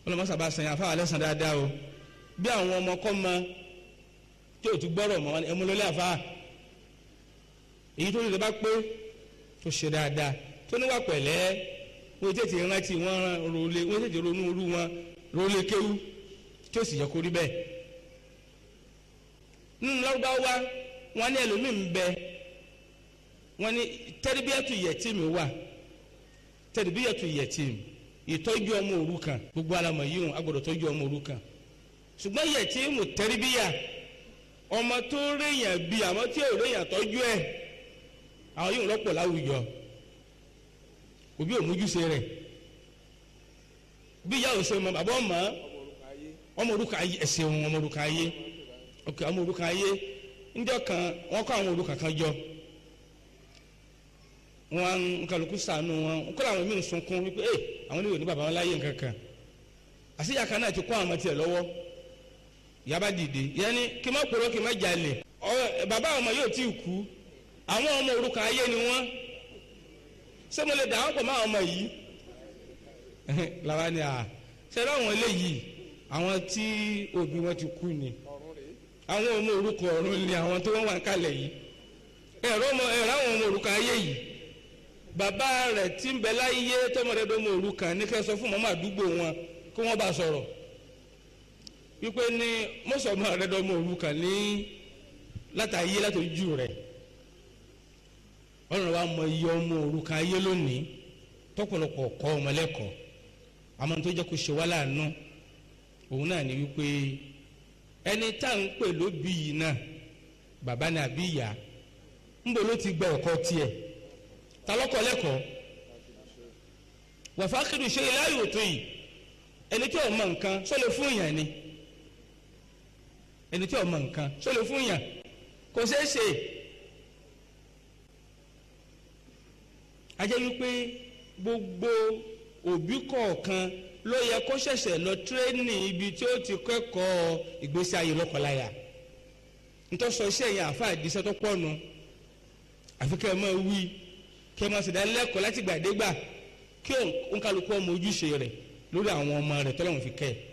ọlọ́mọ sábà sàn àfáà alẹ́ sàn dáadáa o bí àwọn ọmọ kọ́ ma tí o ti gbọ́rọ̀ mọ́ ẹ mú lọ́lé àfa èyí tó lè bá pé tó ṣe dáadáa tó níwà pẹ̀lẹ́ wọ́n tètè rántí wọ́n rọlé wọ́n tètè ronú orú wọn rọlé kéwú tí ó sì yẹ kó rí bẹ́ẹ̀. nínú lárúbáwá wọn ní ẹlòmíì ń bẹ wọn ní tẹ́rìbíyàtù yẹtìmì wà tẹ́rìbíyàtù yẹtìmì ìtọ́jú ọmọ òrukàn gbogbo alamọ̀ yìí hàn agbọ́dọ̀ tọ́jú ọmọ òrukàn ṣùgbọ́n yẹ tí mo tẹ́rí bí ya ọmọ tó réyàn bí àmọ́ tí ò réyàn tọ́jú ẹ̀ àwọn yóò rọ́pò láwùjọ òbí ò mójúṣe rẹ̀ bí ìyá ò ṣe mọ bàbá ọmọ ọmọ orúkọ ayé ẹsẹ̀ òun ọmọ orúkọ ayé ok ọmọ orúkọ ayé jọ wọn nkàlùkù sànù wọn sunkún wípé ẹ àwọn oníwèé ní bàbá wọn láyé nǹkan kan náà ti àwọn ọmọ yaba dìde yẹni kí má kúrò kí má jalè bàbá ọmọ yóò tí ì kú àwọn ọmọ òrukàn ayé ni wọn ṣé mo lè dà wọn pọ̀ mọ́ àwọn ọmọ yìí làwa ni à ṣe láwọn eléyìí àwọn tí òbí wọn ti kú ni àwọn ọmọ òrukàn ọ̀run ni àwọn tó wọ́n wà kálẹ̀ yìí ẹ̀rọ ọmọ ẹ̀rọ àwọn ọmọ òrukàn ayé yìí bàbá rẹ̀ tí ń bẹ láyé tọmọdé dọ́mọ òrukàn ní kẹ́ fún mọ́mọ́ àdúgbò wọn kí wọ́n bá sọ̀rọ̀ wípé ní mọ́sọ̀mọ́ àrẹ́dọ́mọ òrukàn ní látàyé látòjú rẹ ọ̀rọ̀ wa mọ iye ọmọ òrukàn ayé lónìí tọ́pọ̀lọpọ̀ kọ́ ọmọlẹ́kọ̀ọ́ àmọ́ tó jẹ́ kó ṣe wá láàánú òun náà ni wípé ẹni tá à ń pè lóbi yìí náà bàbá ìyá ńbọ ti gba ọkọ tiẹ̀ ta lọkọ lẹ́kọ̀ọ́ iláyò tó yìí ẹni tí ò mọ nǹkan fún ìyàn ni. ẹni tí ọmọ nǹkan ṣó lè fún yàn kò ṣeé ṣe ajẹ́ wípé gbogbo òbí kọ̀ọ̀kan ló yẹ kó ṣẹ̀ṣẹ̀ lọ tírénì ibi tí ó ti kẹ́kọ̀ọ́ ìgbésí ayé lọ́kọláya ntọ́sọ iṣẹ́ yẹn àfa àdìsẹ́ tó pọ̀ nu àfi kẹ́ ẹ máa wí kẹ́ ẹ máa ṣẹ̀dá lẹ́kọ̀ọ́ láti gbàdégbà kí òǹkàlùkù ọmọ ojúṣe rẹ̀ lórí àwọn ọmọ rẹ̀ tọ́lọ́run fi kẹ́ ẹ̀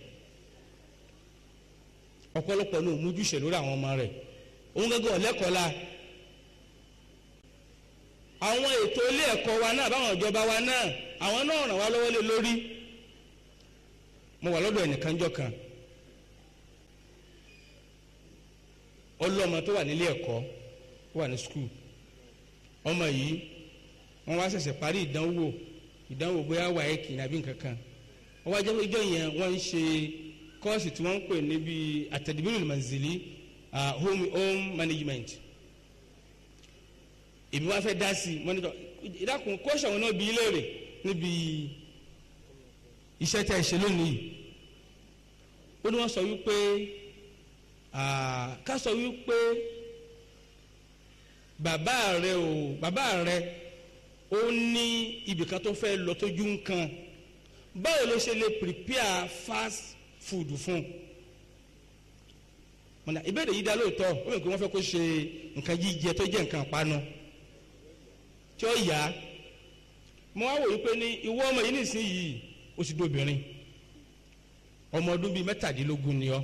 ọ̀pọ̀lọpọ̀ ló mójúṣe lórí àwọn ọmọ rẹ̀ òun gẹ́gẹ́ ọ̀lẹ́kọ̀ọ́ la àwọn ètò ilé ẹ̀kọ́ wa náà báwọn ìjọba wa náà àwọn náà ràn wá lọ́wọ́ lé lórí mo wà lọ́dọ̀ ẹnìkan jọ kan ọlọ́mọ tó wà nílé ẹ̀kọ́ wà ní skul ọmọ yìí wọ́n wá ṣẹ̀ṣẹ̀ parí ìdánwò ìdánwò bóyá wà ẹ̀kì nàbí nǹkan kan wọ́n wá jẹ́ ìjọ yẹn wọ́n ń ṣe kọ́ọ̀sì tí wọ́n ń pè níbi àtẹ̀dìbìrì manzili home home management èmi wá fẹ́ dá sí i mọ́nítọ̀ ìdákun kọ́ọ̀sì àwọn náà bí iléèrè níbi iṣẹ́ tẹ́ ẹ ṣe lónìí ó ní wọ́n sọ wípé ká sọ wípé bàbá rẹ o bàbá rẹ ó ní ibìkan tó fẹ́ lọ tójú nǹkan báwo ló ṣe lè prepare fast fúdù fún mọ̀nà ìbéèrè yìí dá lóòótọ́ ó mọ̀ pé wọ́n fẹ́ kó ṣe nǹkan jíjẹ tó jẹ́ nǹkan panu tí ó yá mo wá wò wípé ní ìwọ ọmọ yìí nísìnyìí ó ti dóbìnrin ọmọ ọdún bíi mẹ́tàdínlógún ni ọ́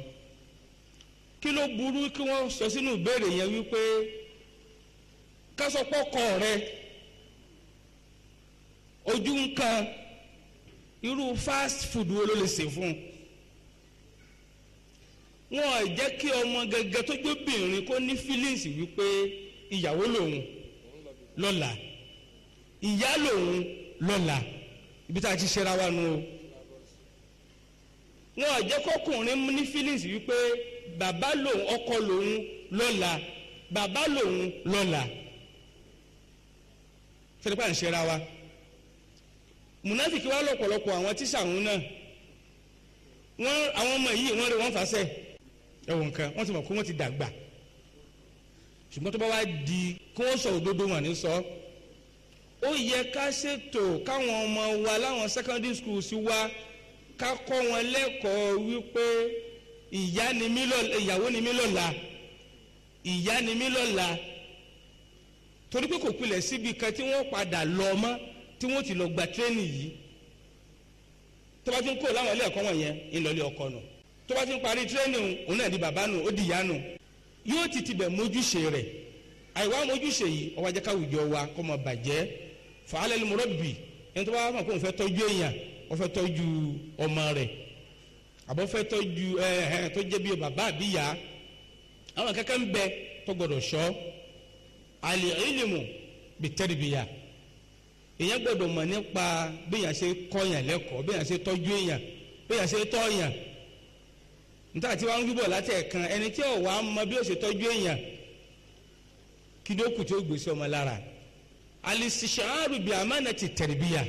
kí ló burú kí wọ́n sọ sínú ìbéèrè yẹn wípé kásọpọ̀ kọ rẹ ojú nǹkan irú fast food wo ló lè ṣe fún un wọn ò jẹ́ kí ọmọ gẹ́gẹ́ tó jóbìnrin kó ní feelings wípé ìyàwó lòun lọ́la ìyá lòun lọ́la ibi tá a ti ṣera wa nu o wọn ò jẹ́ kọkùnrin ní feelings wípé bàbá lòun ọkọ lòun lọ́la bàbá lòun lọ́la fẹ́rẹ́pà ń ṣera wa mùnáfìkì wa lọ́pọ̀lọpọ̀ àwọn tíṣà òun náà wọ́n àwọn ọmọ yìí wọ́n rí wọ́n fàṣẹ́ ẹ̀wọ̀n nǹkan wọ́n ti mọ̀ pé wọ́n ti dàgbà ṣùgbọ́n tó bá wá di kí wọ́n sọ òdodo wọn ní sọ ó yẹ ká ṣètò káwọn ọmọ wa láwọn secondary schools wa ká kọ́ wọn lẹ́kọ̀ọ́ wípé ìyá ni mí lọ́la ìyàwó ni mí lọ́la ìyá ni mí lọ́la torí pé kò pilẹ̀ síbi kan tí wọ́n padà lọ mọ́ tí wọ́n ti lọ gba tírénì yìí tó bá ti kó láwọn ilé ẹ̀kọ́ wọ̀nyẹn ńlọlé ọkọ nù tó bá ti ń parí tírénì òun náà di bàbá nù ó di ìyá nù yóò ti tibẹ̀ mójúṣe rẹ̀ àìwá mójúṣe yìí ọwọ́ ajẹ́ káwùjọ wa kọ́ mọ bàjẹ́ fàálẹ̀ murabbi ẹni tó bá wà pé òun fẹ́ tọ́jú èèyàn ó fẹ́ tọ́jú ọmọ rẹ̀ àbọ̀ fẹ́ tọ́jú ẹ̀ẹ́n tó jẹ́ bí bàbá àbí ìyá àwọn kẹ́kẹ́ ń bẹ tó gbọdọ̀ sọ al-ilmu bit-tarbiya èèyàn gbọdọ̀ mọ̀ nípa bí èèyàn ṣe kọ́ èèyàn lẹ́kọ̀ọ́ bí èèyàn ṣe tọ́jú èèyàn bí èèyàn ṣe tọ́ èèyàn níta tí wọ́n ń gbígbọ̀ láti ẹ̀kan ẹni tí ò wá mọ bí ó ṣe tọ́jú èèyàn kí ló kù tí ó gbèsè ọmọ lára alisisaaru bi amana ti tẹribiya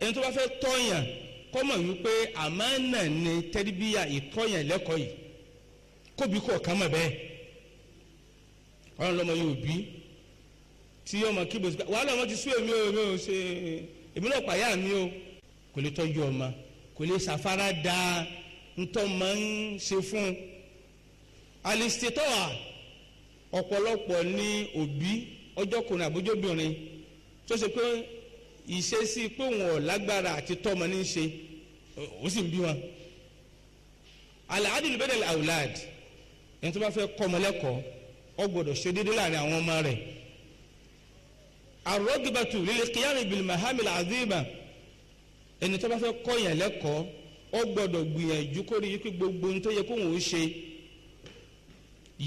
ẹni tó bá fẹ́ tọ́yàn kọ́mọ̀ wípé amana ni tẹribiya ìtọ́yàn lẹ́kọ̀ọ́ yìí kóbi kọ̀ ká mọ̀ bẹ́ẹ̀ ọ̀rọ̀ lọ́mọ yóò bí tí ọmọ kí bòsí wàhálà ọmọ ti sún èmi o èmi o ṣe èmi náà pààyà mi o kò lè tọ́jú ọmọ kò lè ṣàfárá dáa ntọ́ máa ń ṣe fún un alistairwa ọ̀pọ̀lọpọ̀ ní òbí ọjọ́kùnrin àbójóbìnrin tó ṣe pé ìṣesí pé òun ò lágbára àti tọ́mọ ní í ṣe ó sì ń bí wọn alahadul bedel awlad ẹni tó bá fẹ́ kọ́ ọmọ lẹ́kọ̀ọ́ ọ gbọ́dọ̀ ṣe déédéé láàrin àwọn ọmọ rẹ̀ arọ́gbẹ̀bàtù lílẹ̀ kíyàmì bìlì mahamil azima ẹni tó bá fẹ́ kọ́ yẹn lẹ́kọ̀ọ́ ó gbọ́dọ̀ gbìyànjú kó rí i pé gbogbo ohun tó yẹ kó òun ó ṣe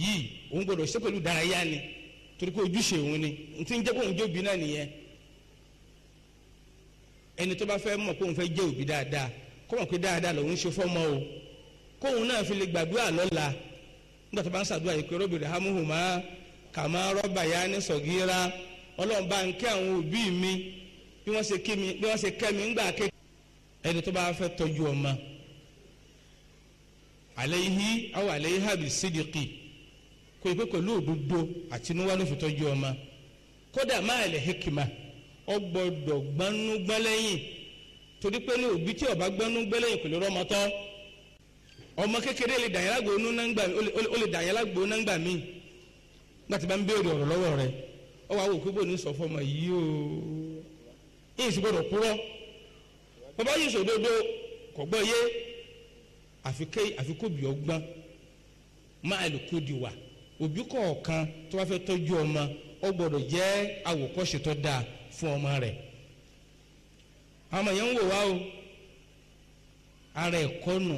yìí òun gbọ́dọ̀ ṣe pẹ̀lú dárayá ni torí pé ojúṣe òun ni n ti ń jẹ́ kó òun jẹ́ òbí náà nìyẹn ẹni tó bá fẹ́ mọ̀ kó òun fẹ́ jẹ́ òbí dáadáa kó mọ̀ pé dáadáa lòun ń ṣe fọ́mọ o kó òun náà fi lè gbàdúrà lọ́la nígbà tó bá ń ṣàdúrà yìí pé rọ́bìrì hamuhuma kàmá rọ́bà yá ní sọ̀gíra ọlọ́run bá ń kẹ́ mi bí wọ́n ṣe kẹ́ mi ńgbà kékeré ẹni tó bá fẹ́ tọ́jú ọmọ awa àwọn ha bi sidiki kò ìpè pẹ̀lú òdodo àtinúwá ló fi tọ́jú ọmọ kódà máa lè hekima ọ gbọ́dọ̀ gbanú torí pé ní òbí tí ọba gbanú gbẹlẹ́yìn kò lè ọmọ kékeré lè dàyàrá gbóná ńgbà ó lè dàyàrá gbóná ńgbà míì gbàtí bá ń béèrè o bàbá yìí sòdodo kò gbọ́ yé àfikún bí ọgbọ́n máa lè wa òbí kọ̀ọ̀kan tó bá fẹ́ tọ́jú ọmọ ó gbọ́dọ̀ jẹ́ fún ọmọ rẹ̀ ń wò o ara ẹ̀kọ́ nù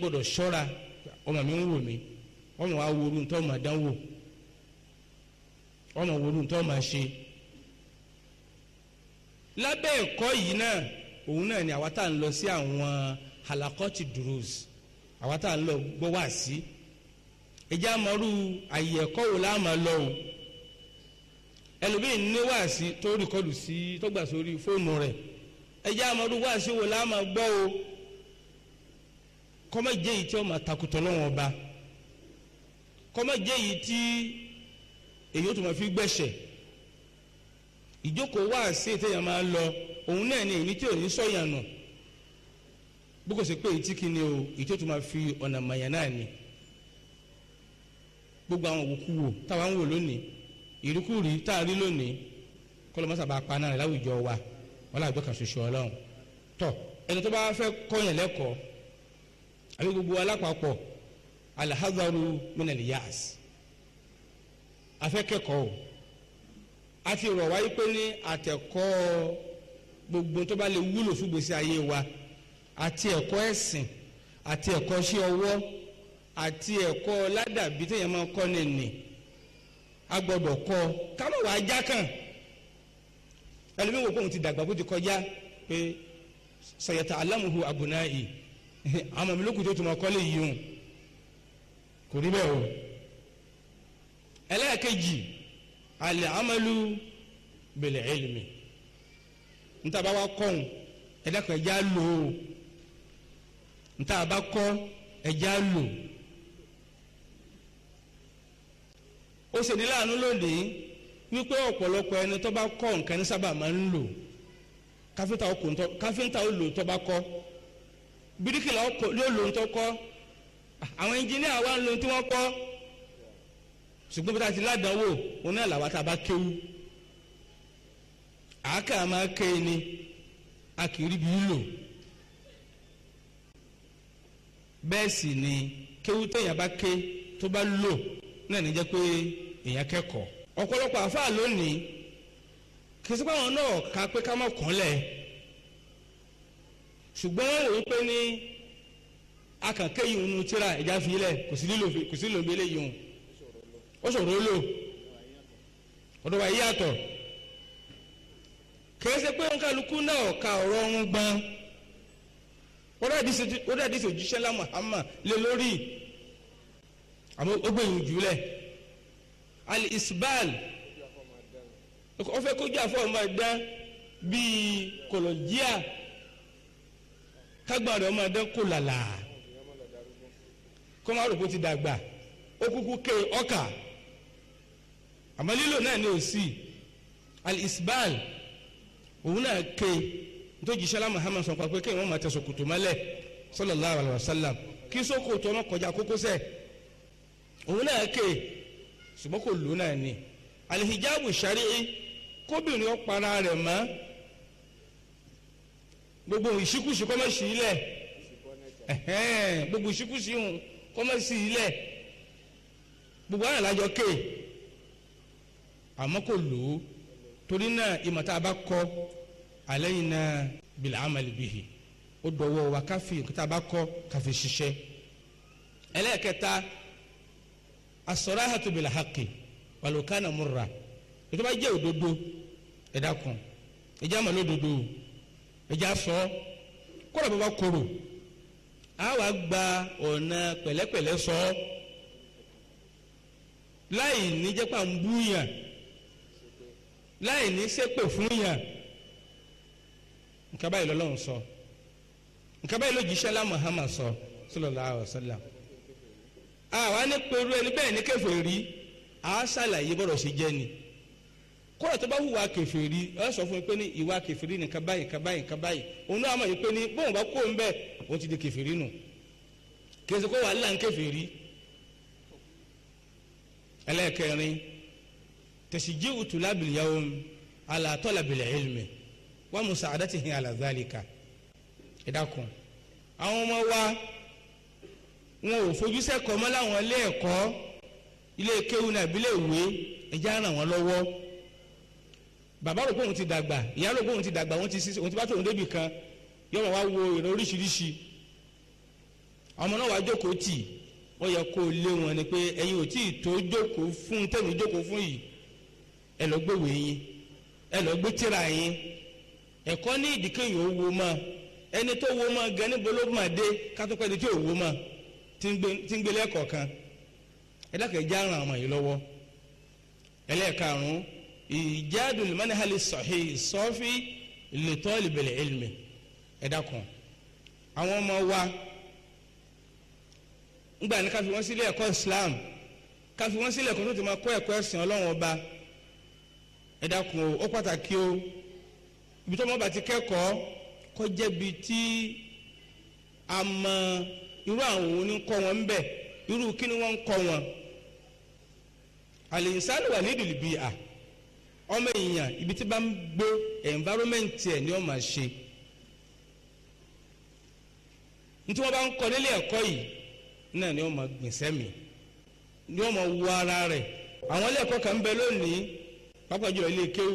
gbọ́dọ̀ ṣọ́ra ọmọ mi ń wò mí ọmọ wa wo orun tó ọmọ dánwò ọmọ wo orun tó ọmọ ṣe lábẹ́ ẹ̀kọ́ yìí náà òun náà ni àwa tá à ń lọ sí àwọn halakọ́tì durus àwa tá à ń lọ gbọ́ wá sí ẹjẹ́ àmọ́rú àyè ẹ̀kọ́ wo la máa lọ o ẹlòmíín ní wá sí tó rìkọ́dù sí tó gbà sórí fóònù rẹ̀ ẹjẹ́ àmọ́rú wá sí wo la máa gbọ́ o kọ́mọ jẹ́ yìí tí ó máa takùtọ̀ lọ́wọ́n ọba kọ́mọ jẹ́ yìí tí èyí ó tún máa fi gbẹ̀ṣẹ̀ ìjókòó wá sí ètò yẹn máa lọ òun náà ni èyí tí ò ní sọ̀yàn nù bó kò sí pé èyí tí kì ni o èyí tó tún máa fi ọ̀nà màyàn náà ni gbogbo àwọn òkú wò táwa ń wò lónìí ìrúkúrì tá a rí lónìí kọlọmọsà bá pa náà láwùjọ wa wọn làjọ kan ṣoṣo Ọlọ́run tọ ẹni tó bá fẹ́ kọyàn lẹ́kọ̀ọ́ àbí gbogbo alápapọ̀ alahadaru minal yaas afẹ́kẹ́kọ̀ọ́ àti ìrọ̀wá pé ní àtẹ̀kọ́ gbogbo tó bá lè wúlò fún gbèsè ayé wa àti ẹ̀kọ́ ẹ̀sìn àti ẹ̀kọ́ iṣẹ́ ọwọ́ àti ẹ̀kọ́ ládàbí téèyàn máa kọ́ ni nì a gbọ́dọ̀ kọ́ kámọ́ wàá já kàn ẹlòmíì wò pé òun ti dàgbà bó ti kọjá pé sọ̀yẹ̀tà alámùhù àbùnáì àwọn ọmọ mi lókùn tó tún máa kọ́ lè yí kò rí bẹ́ẹ̀ o ẹlẹ́ẹ̀kejì alẹ́ amalu bẹ̀lẹ̀ ẹ̀lẹ́mìí. nta bá wá kọ́ òun ẹ̀já lò ó níta bá kọ́ ẹ̀já lò ó sì ní láàánú lónìí wípé ọ̀pọ̀lọpọ̀ ẹni tó bá kọ́ nǹkan ní sábà máa ń lò káfíńtà ó lò tó bá kọ́ bíríkìlà yóò lò tó kọ́ wa ń lò tí wọ́n kọ́ ṣùgbọ́n bí ti aka ama ké ni a kì í rí bí lò bẹ́ẹ̀ sì ni kéwú téèyàn bá ké tó bá lò náà ní jẹ́ pé èèyàn kẹ́kọ̀ọ́ ọ̀pọ̀lọpọ̀ àfáà lónìí kì í náà ká pé ká mọ̀ kọ́lẹ̀ ṣùgbọ́n wọ́n rò pé ní akànké yìí ń tíra ẹ̀já kìí ṣe pé nkálukú náà ọ̀ka ọ̀rọ̀ ọ̀hún gbọ́n ó dàdí ìṣòjíṣẹ́ lá Muhammad lé lórí àmọ́ ó gbẹ̀yìn jùlẹ̀ al-isbal ó fẹ́ kójú àfọ̀mọ́ dán bíi kòlòjíà kágbọ́n rẹ̀ ọmọ dán kò làlà kó má rò pé ti dàgbà ó kúkú ké ọkà àmọ́ lílo náà ni ò sí al-isbal òun náà ké nítorí sọlá muhammad sọ pé kéwọn máa tẹ ṣòkòtò mọ́lẹ̀ sallallahu alaihi wasallam kí ṣòkòtò ọmọ kọjá kókósẹ̀ òun náà ké ṣùgbọ́n kò lò náà ni alihijabu sari'i kóbìnrin ọ̀para rẹ̀ mọ́ gbogbo ìṣíkùsí kọ́mọ̀sí ilẹ̀ gbogbo ìṣíkùsí kọ́mọ̀sí ilẹ̀ gbogbo àwọn ìlàjọ ké àmọ́ kò lò ó torí náà ìmọ̀ tá a bá kọ́ alayna bil amali bihi ó dọ̀wọ́ wa káfí kíta bá kọ́ káfí ṣiṣẹ́ ẹlẹ́ẹ̀kẹta as-sarahatu bil haqqi walau kana murra ètò bá jẹ́ òdodo ẹ̀dá kan ẹ̀jẹ̀ àmọ́ lódodo ẹ̀jẹ̀ àfọ́ kọ́ra bàbá koro a gba ọ̀nà pẹ̀lẹ́pẹ̀lẹ́ sọ láì ní jẹ́pà ń bú yàn láì ní ṣépè fún yàn nǹkan báyìí lọ́lọ́run sọ nǹkan báyìí ló jíṣẹ́ lá Muhammad sọ sallallahu alaihi wasallam àwa ní pẹ̀lú ẹni bẹ́ẹ̀ ní kèfèrí à á ṣàlàyé bọ́rọ̀ ṣe jẹ́ ni kódà tó bá hùwà kèfèrí ẹ sọ fún mi pé ní ìwà kèfèrí ní nǹkan báyìí nǹkan báyìí nǹkan báyìí òun náà mọ̀ yìí pé ní bóun bá kó ń bẹ́ẹ̀ òun ti di kèfèrí nù kí ẹ sọ pé wàhálà ń kèfèrí ẹlẹ́ẹ̀kẹrin tẹ̀síjí utulabil yawm ala talab al ilmi wa musa'adatihi ala dhalika ẹ dákun àwọn ọmọ wa wọn ò fojú sẹ́kọ̀ọ́ mọ́ láwọn ilé ẹ̀kọ́ ilé kéwù náà ìbílẹ̀ ìwé ẹ̀já ràn wọ́n lọ́wọ́ bàbá rò pé òun ti dàgbà ìyá rò pé òun ti dàgbà òun ti sísè òun ti bá tóun débi kan yọ wọn wá wo ìran oríṣiríṣi ọmọ náà wàá jókòó tì wọ́n yẹ kó lé wọn ni pé ẹ̀yin ò tí ì tó jókòó fún tẹ̀mí jókòó fún yìí ẹ lọ gbé wèé yín ẹ lọ gbé tíra yín ẹkọ ní ìdíkẹ́yìn owó mọ́ ẹni tó wo mọ́ gan níbo ló máa dé kátópẹ́ ni tí ò wo tí ń gbélé kan ẹlẹ́kẹ̀ẹ́ já ràn àwọn yìí lọ́wọ́ ẹlẹ́ẹ̀karùn-ún ìjádùn mẹ́nihàlì sọ̀hí sọ́fí lẹ́tọ́ ìbẹ̀lẹ̀ ẹ̀lmẹ̀ ẹ̀dá àwọn ọmọ wa ńgbà ní wọn si Islam wọn ẹ̀kọ́ tó ti kọ́ ẹ̀kọ́ ọba ibi tó ọmọ bá ti kẹ́kọ̀ọ́ kó jẹ́ bi tí a mọ irú àwọn òní kọ́ wọn ń bẹ̀ irú kí ni wọ́n ń kọ́ wọn àlìyànsán wà ní bíi à ọmọ èèyàn ibi tí bá ń gbé environment ẹ̀ ni ó máa ṣe ntí wọ́n bá ń kọ́ nílé ẹ̀kọ́ yìí náà ni ó máa gbìn sẹ́mi ni ó máa wọ ara rẹ̀ àwọn ilé ẹ̀kọ́ kan ń bẹ lónìí pápá jùlọ ilé kéwú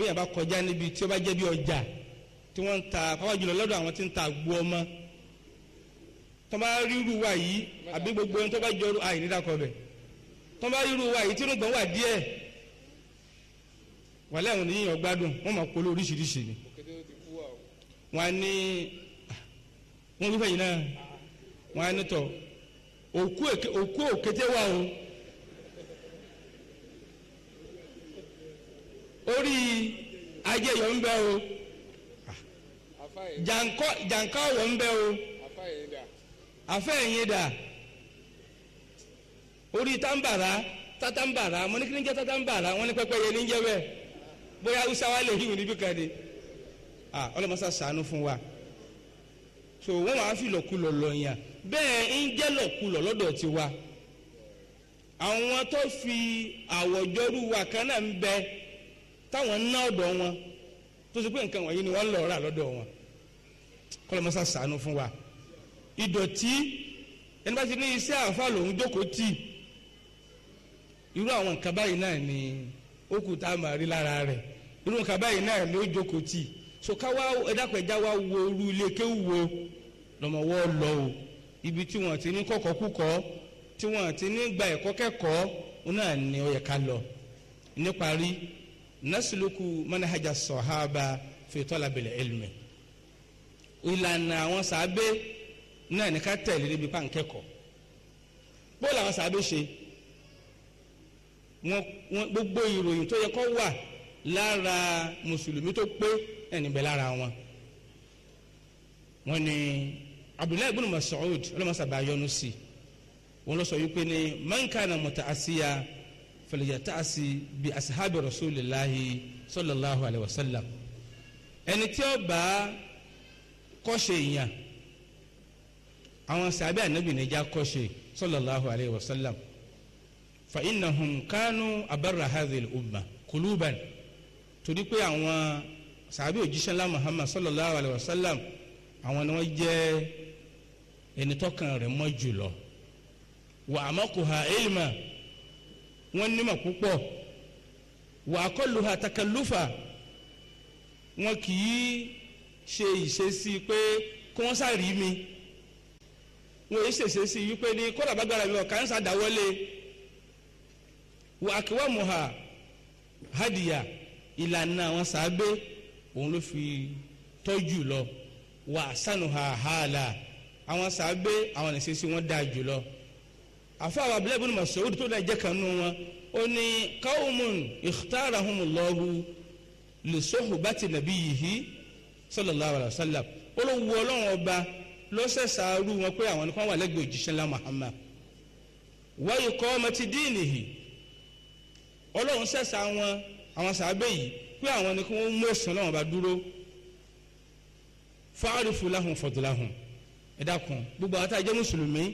bí yàrá kọjá níbi tí ó bá jẹ́ bí ọjà tí wọ́n ń ta pàápàá jùlọ lọ́dọ̀ àwọn tí ń ta àgbo ọmọ tó bá ríru wa yìí àbí gbogbo ohun tó bá jọrú àìní dàkọ̀ bẹ̀ tó bá ríru wa yìí tí inú gbọ̀n wà díẹ̀ wàlẹ́ àwọn oníyìnyín ọgbádùn wọ́n máa polówó oríṣiríṣi ni wọ́n á ní wọ́n wípé yìí náà wọ́n á ní tọ̀ òkú òkété wà o. orí ajẹyọ ń o jàǹkà ń o afẹ dà orí tàǹbàrà tàtàǹbàrà mo ni wọn ní pẹpẹ yẹn ní jẹ bẹ́ẹ̀ bóyá hausa níbí kan ni fún wa so wọn wàá fi lọkulọ lọyàn bẹ́ẹ̀ ń lọ́dọ̀ wa kan náà bẹ táwọn ń ná ọ̀dọ̀ wọn tó ṣe pé nǹkan wọ̀nyí ni wọ́n lọ rà lọ́dọ̀ wọn kọlọmọsá ṣàánú fún wa ìdọ̀tí ẹni bá ti ní iṣẹ́ àfa lòun jókòó tì irú àwọn nǹkan báyìí náà ni ó kù tá a máa rí lára rẹ̀ irú nǹkan báyìí náà ni ó jókòó tì so wá ẹ̀dàpẹ̀já wá wo irú ilé kéwù wo lọ́mọwọ́ lọ o ibi tí wọ́n ti ní kọ́kọ́ kúkọ́ tí wọ́n ti ní gba ẹ̀kọ́ kẹ́kọ̀ọ́ náà ni ó yẹ ká lọ níparí nasuluku manahaja sọhaba fi talabil ilmi ìlànà àwọn sàábé náà ní ká tẹ̀lé níbi pàǹkẹ́kọ̀ọ́ bó làwọn sàábé ṣe wọn gbogbo ìròyìn tó yẹ kó wà lára mùsùlùmí tó pé ẹni bẹ lára wọn wọn ni abdullahi ibn Mas'ud ọlọmọ sábà yọ́nú sí wọn lọ sọ yìí pé ni man kana muta'asiya fẹlẹ̀yàtàsí bíi asahabi rasulillahi sallallahu alayhi wa sallam ẹni tí ó bá kọ́ṣe èèyàn àwọn sàbẹ̀ ànábì nìjà kọ́ṣe sallallahu alayhi wa sallam fa innahum kanu abarra hadhihi al-umma kuluban torí pé àwọn sàbẹ̀ òjíṣẹ́ ńlá muhammad sallallahu alayhi wa sallam àwọn ni wọ́n jẹ́ ẹni tọ́kàn rẹ̀ mọ́ jùlọ wa amakuha ilma wọ́n nímọ̀ púpọ̀ wà á kọ́ lu àtàkàlùfà wọn kì í ṣe ìṣesí pé kí wọ́n sáré mi wọ́n yìí ṣèṣesí wípé ní kódà bá gbára mi ọ̀ káńsà dáwọ́lé wà á kí wọ́n mọ̀ ha hadiya ìlànà àwọn sàábé òun ló fi tọ́jú lọ wà á sànù ha hàlà àwọn sàábé àwọn ìṣesí wọn dáa jù lọ àfáà abúlé ibùdó masoud tó dáa jẹ́ kanú wọn ó ní káwọmùn ìtàràhùnmùlọ́hu lùsọ́hù bá ti nàbí yìí sallallahu alaihi wasallam ó ló wu ọlọ́run ọba lọ́sẹ̀ sàárù wọn pé àwọn nìkan wà lẹ́gbẹ̀ẹ́ òjíṣẹ́ ńlá Muhammad wáyé kọ́ ọmọ ti díìnì yìí ọlọ́run sẹ̀sà àwọn sàábẹ̀ yìí pé àwọn nìkan wọ́n mú ẹ̀sìn ọlọ́run ọba dúró fáàrífù láhùn fọ̀dùláhùn ẹ̀dá kan gbogbo àwọn tá a jẹ́ mùsùlùmí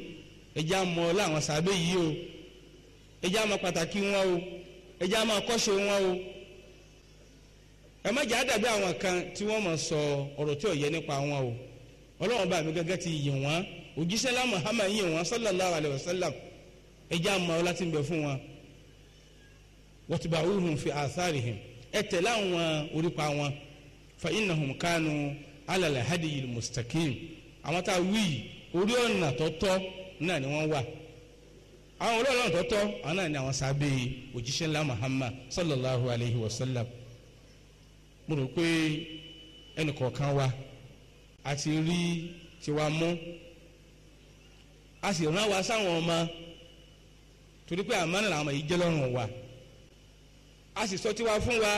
ẹjẹ́ àmọ́ ọlá àwọn sàbẹ̀ yìí o ẹjẹ́ àmọ́ pàtàkì wọn o ẹjẹ́ àmọ́ kọ́ṣe wọn o ẹ má jẹ́ àdàbí kan tí wọn mọ̀ sọ ọ̀rọ̀ tí ò yẹ nípa wọn o ọlọ́run bá mi ti yìn wọ́n òjíṣẹ́ lá yìn sallallahu alayhi wa sallam ẹjẹ́ àmọ́ ọlá ń bẹ fún wọn fi ẹ tẹ̀lé àwọn wọn fa hadiyil àwọn tá a náà ni wọ́n wà àwọn olóòlù tó tọ́ àwọn náà ni àwọn sábẹ́ òjíṣẹ́ ńlá Muhammad sallallahu alayhi wa sallam mo rò pé ẹnìkọ̀ọ̀kan wa a ti rí tiwa mú a sì rán wa sáwọn ọmọ torí pé àmánà làwọn yìí jẹ́ lọ́rùn wa a sì sọ tiwa fún wa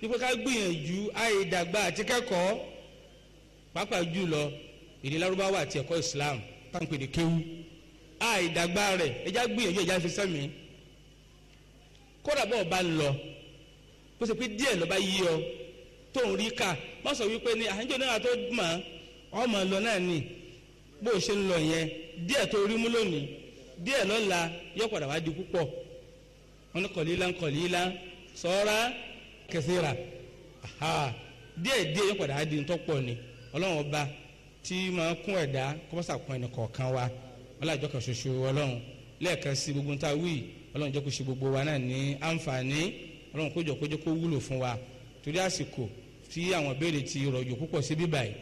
wípé ká gbìyànjú àyè ìdàgbà àti kẹ́kọ̀ọ́ pàápàá jùlọ èdè lárúbáwá àti ẹ̀kọ́ Islam táwọn pè ní kéwú àìdàgbà rẹ ẹja gbìyànjú ẹjá fi sẹ́mi kódà bọ́ọ̀ bá ń lọ bó ṣe pé díẹ̀ bá yí ọ tó ń rí ká má sọ wípé ní àjọ náà tó mọ̀ lọ náà nì bó o ń lọ yẹn díẹ̀ tó rí mú lónìí díẹ̀ lọ́la yóò padà wá di púpọ̀ wọn ní kọ̀lílá ni ọlọ́run ọba tí máa kún ẹ̀dá ọlọ́àjọ kan ṣoṣo ọlọ́run lẹ́ẹ̀kan sí gbogbo nta wí ọlọ́run jẹ́ kó ṣe gbogbo wa náà ní àǹfààní ọlọ́run kó jọ kó jẹ́ kó wúlò fún wa torí àsìkò tí àwọn ìbéèrè ti rọ̀jò púpọ̀ sí bíbáyìí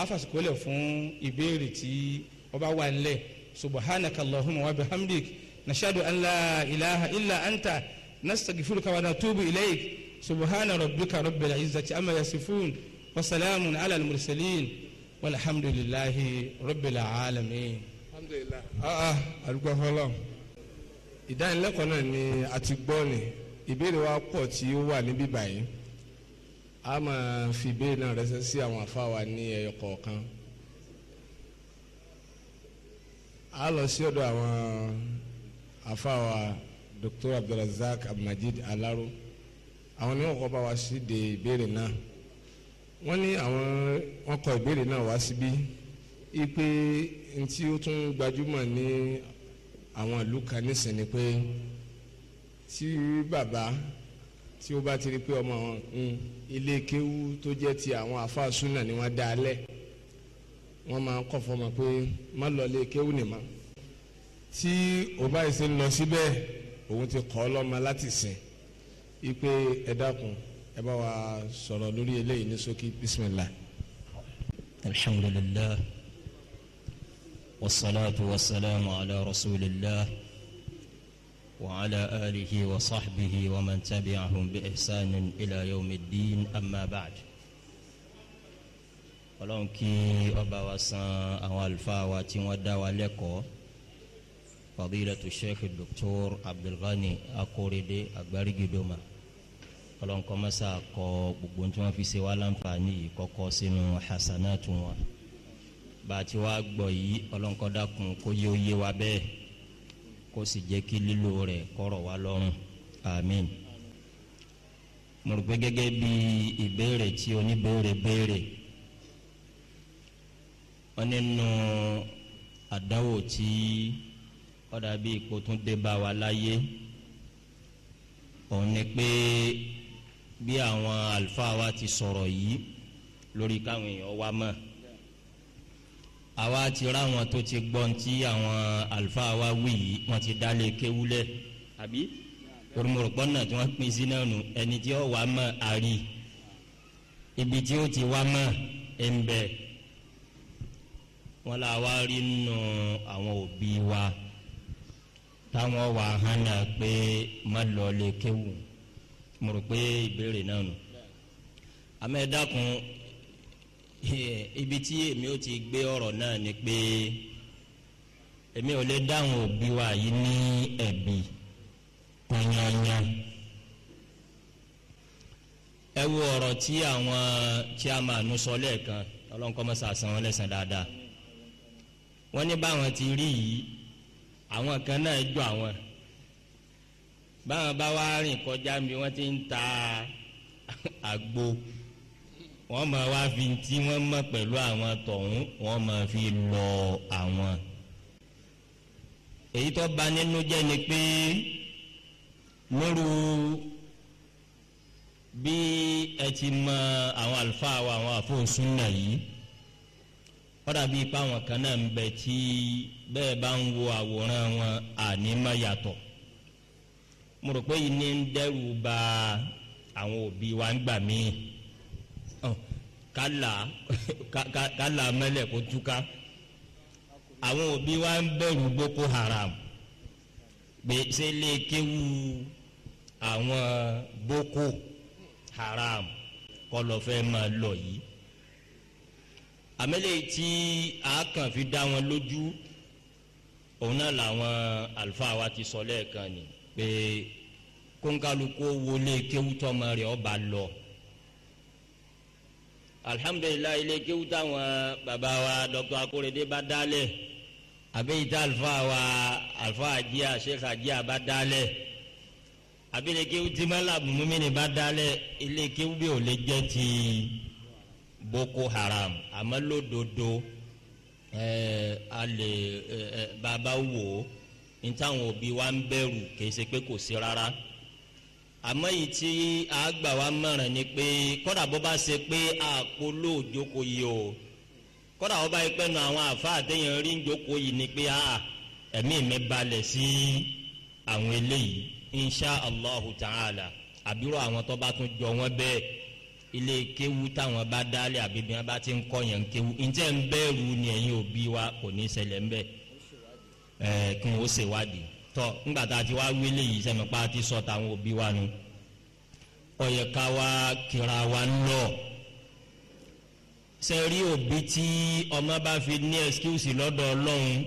àáfàsìkò lẹ̀ fún ìbéèrè tí ọba wà ńlẹ̀ subhanaka allahumma wa bihamdik nashadu an la ilaha illa anta nastaghfiruka wa natubu ilayk subhana rabbika rabbil izzati amma yasifun wa ala al mursalin rabbil alamin. Ah, aa ah, àdúgbò fọlọ ìdánilẹ́kọ̀ọ́ náà ni a ti gbọ́ ni ìbéèrè wa pọ̀ tí ó wà níbí báyìí a máa fi ìbéèrè náà rẹ́sẹ̀ sí àwọn afá wa ní ẹyọ kọ̀ọ̀kan a lọ sí ọ̀dọ̀ àwọn afá wa Dr. Abdulrasaq Abdulmajid Alaro àwọn ni wọ́n kọ́ bá wa síde ìbéèrè náà wọ́n ní àwọn wọ́n kọ ìbéèrè náà wá síbí ipe ntí ó tún gbajúmọ̀ ní àwọn ìlú kan nísìn ni pé tí bàbá tí ó bá ti rí pé ọmọ ń ilé kéwú tó jẹ́ ti àwọn àfáà súnà ni wọ́n dá a lẹ̀ wọ́n máa ń kọ́ fọmọ pé má lọ ilé kéwú nìmá tí òun báyìí ṣe ń lọ síbẹ̀ òun ti kọ́ ọlọ́mọ láti sìn ipe ẹ dákun ẹ bá wa sọ̀rọ̀ lórí eléyìí ní ṣókí bismillah. alhamdulillah. والصلاة والسلام على رسول الله وعلى آله وصحبه ومن تبعهم بإحسان إلى يوم الدين أما بعد ọlọ́run kí ọba wa san àwọn àlùfáà wa tí wọ́n dá wa lẹ́kọ̀ọ́ fadilatu sheikh doctor abdulghani akorede agbarigidoma ọlọ́run kọ́ mọ́sá kọ gbogbo tí wọ́n fi ṣe wá láǹfààní yìí kọ́kọ́ sínú hasanatu wọn bá a ti wá gbọ́ yìí ọlọ́nkọ́dá kun kó yé o yé wa bẹ́ẹ̀ kó sì jẹ́ kí lílo rẹ̀ kọ́rọ̀ wa lọ́rùn àmín. mo rò pé gẹ́gẹ́ bí ìbéèrè tí oníbéèrè béèrè wọ́n nínú àdánwò tí ọ̀dà bíi ipò tún dé bá wa láyé òun ni pé bí àwọn àlùfáà wa ti sọ̀rọ̀ yìí lórí káwọn èèyàn wa mọ̀ àwa ti rá wọn tó ti gbọ́n tí àwọn àlùfáà wa wí yìí wọ́n ti dálé kéwúlẹ̀ àbí orúmọ̀rọ̀pọ̀ náà tí wọ́n pín sí náà nù ẹni tí ó wà mọ́ àrí ibi tí ó ti wá mọ́ ẹ̀ ń bẹ̀ wọ́n là wá rí nù àwọn òbí wa táwọn wà hánà pé má lọ lè kéwù mo rò pé ìbéèrè náà nù àmọ́ ẹ dákun ibi tí èmi ò ti gbé ọ̀rọ̀ náà ni pé èmi ò lè dáhùn òbí wa yìí ní ẹ̀bi yanyan ẹ wo ọ̀rọ̀ tí àwọn tí a máa nu sọ lẹ́ẹ̀kan ọlọ́nkọ́mọ́sá san wọn lẹ́sàn dáadáa wọ́n ní báwọn ti rí yìí àwọn kan náà jọ àwọn báwọn bá wá rìn kọjá mi wọ́n ti ń ta àgbo. wọ́n máa wá fi tí wọ́n mọ̀ pẹ̀lú àwọn tọ̀hún wọ́n máa fi lọ àwọn. èyí tó bà nínú jẹ́ ni pé lóru bí ẹ ti mọ àwọn àlùfáà wa àwọn àfọ̀nsúnà yìí kọ́dà bíi ipa àwọn kan náà ń bẹ tí bẹ́ẹ̀ bá ń wo àwòrán wọn àní má yàtọ̀ mo rò pé yìí ní ń dẹ́rù bà àwọn òbí wa ń gbà míì kálà kálà mẹlẹ kó túká àwọn òbí wa ń bẹ̀rù boko haram gbèsè lè kéwu àwọn boko haram kọlọfẹ máa lọ yìí àmẹlẹ tí a kàn fi dá wọn lójú òun náà làwọn àlùfáà wa ti sọ lẹ́ẹ̀kan ni pé kóńkálukó wọlé kéwútọ́ ọmọ rẹ̀ ọba lọ alhamdulilayi ilé kéwú táwọn baba wa dr akorede bá dálẹ̀ àbẹ́yìí tá alfa wa alfa àjíà sheikh àjíà bá dálẹ̀ àbílẹ̀ kéwú tí malabu mímìnì bá dálẹ̀ ilé kéwú bí ò lè jẹ́ ti boko haram àmọ́ lódodo ẹ̀ẹ́ alẹ́ ẹ̀ẹ́ baba wò ó ní wa ń bẹ̀rù kì í ṣe pé kò àmọ́ yìí tí a gbà wá mọ̀ràn ni pé kọ́dà bó bá ṣe pé àpò lóòjókòó yìí o kọ́dà bó bá yẹ pé nu àwọn àfa àtẹ̀yìn rí njókòó yìí ni pé ah, ẹ̀mí mi balẹ̀ sí àwọn eléyìí insha allahu ta'ala àbúrò àwọn tó bá tún jọ wọn bẹ́ẹ̀ ilé kéwu táwọn bá dálé àbí wọn bá ti ń kọ́ yẹn kéwu ǹjẹ́ ń bẹ́ẹ̀rù ni ẹ̀yin òbí wa kò ní ṣẹlẹ̀ ń bẹ́ẹ̀ kí wọ́n ṣèwádìí tọ ńgbà tá a ti wá wílé yìí sẹ́mẹ̀pá ti sọ táwọn òbí wa nu ọ̀yẹ̀ ká wá kíra wa ń lọ òbí tí ọmọ bá fi ní ẹ̀skíwùsì lọ́dọ̀ ọlọ́run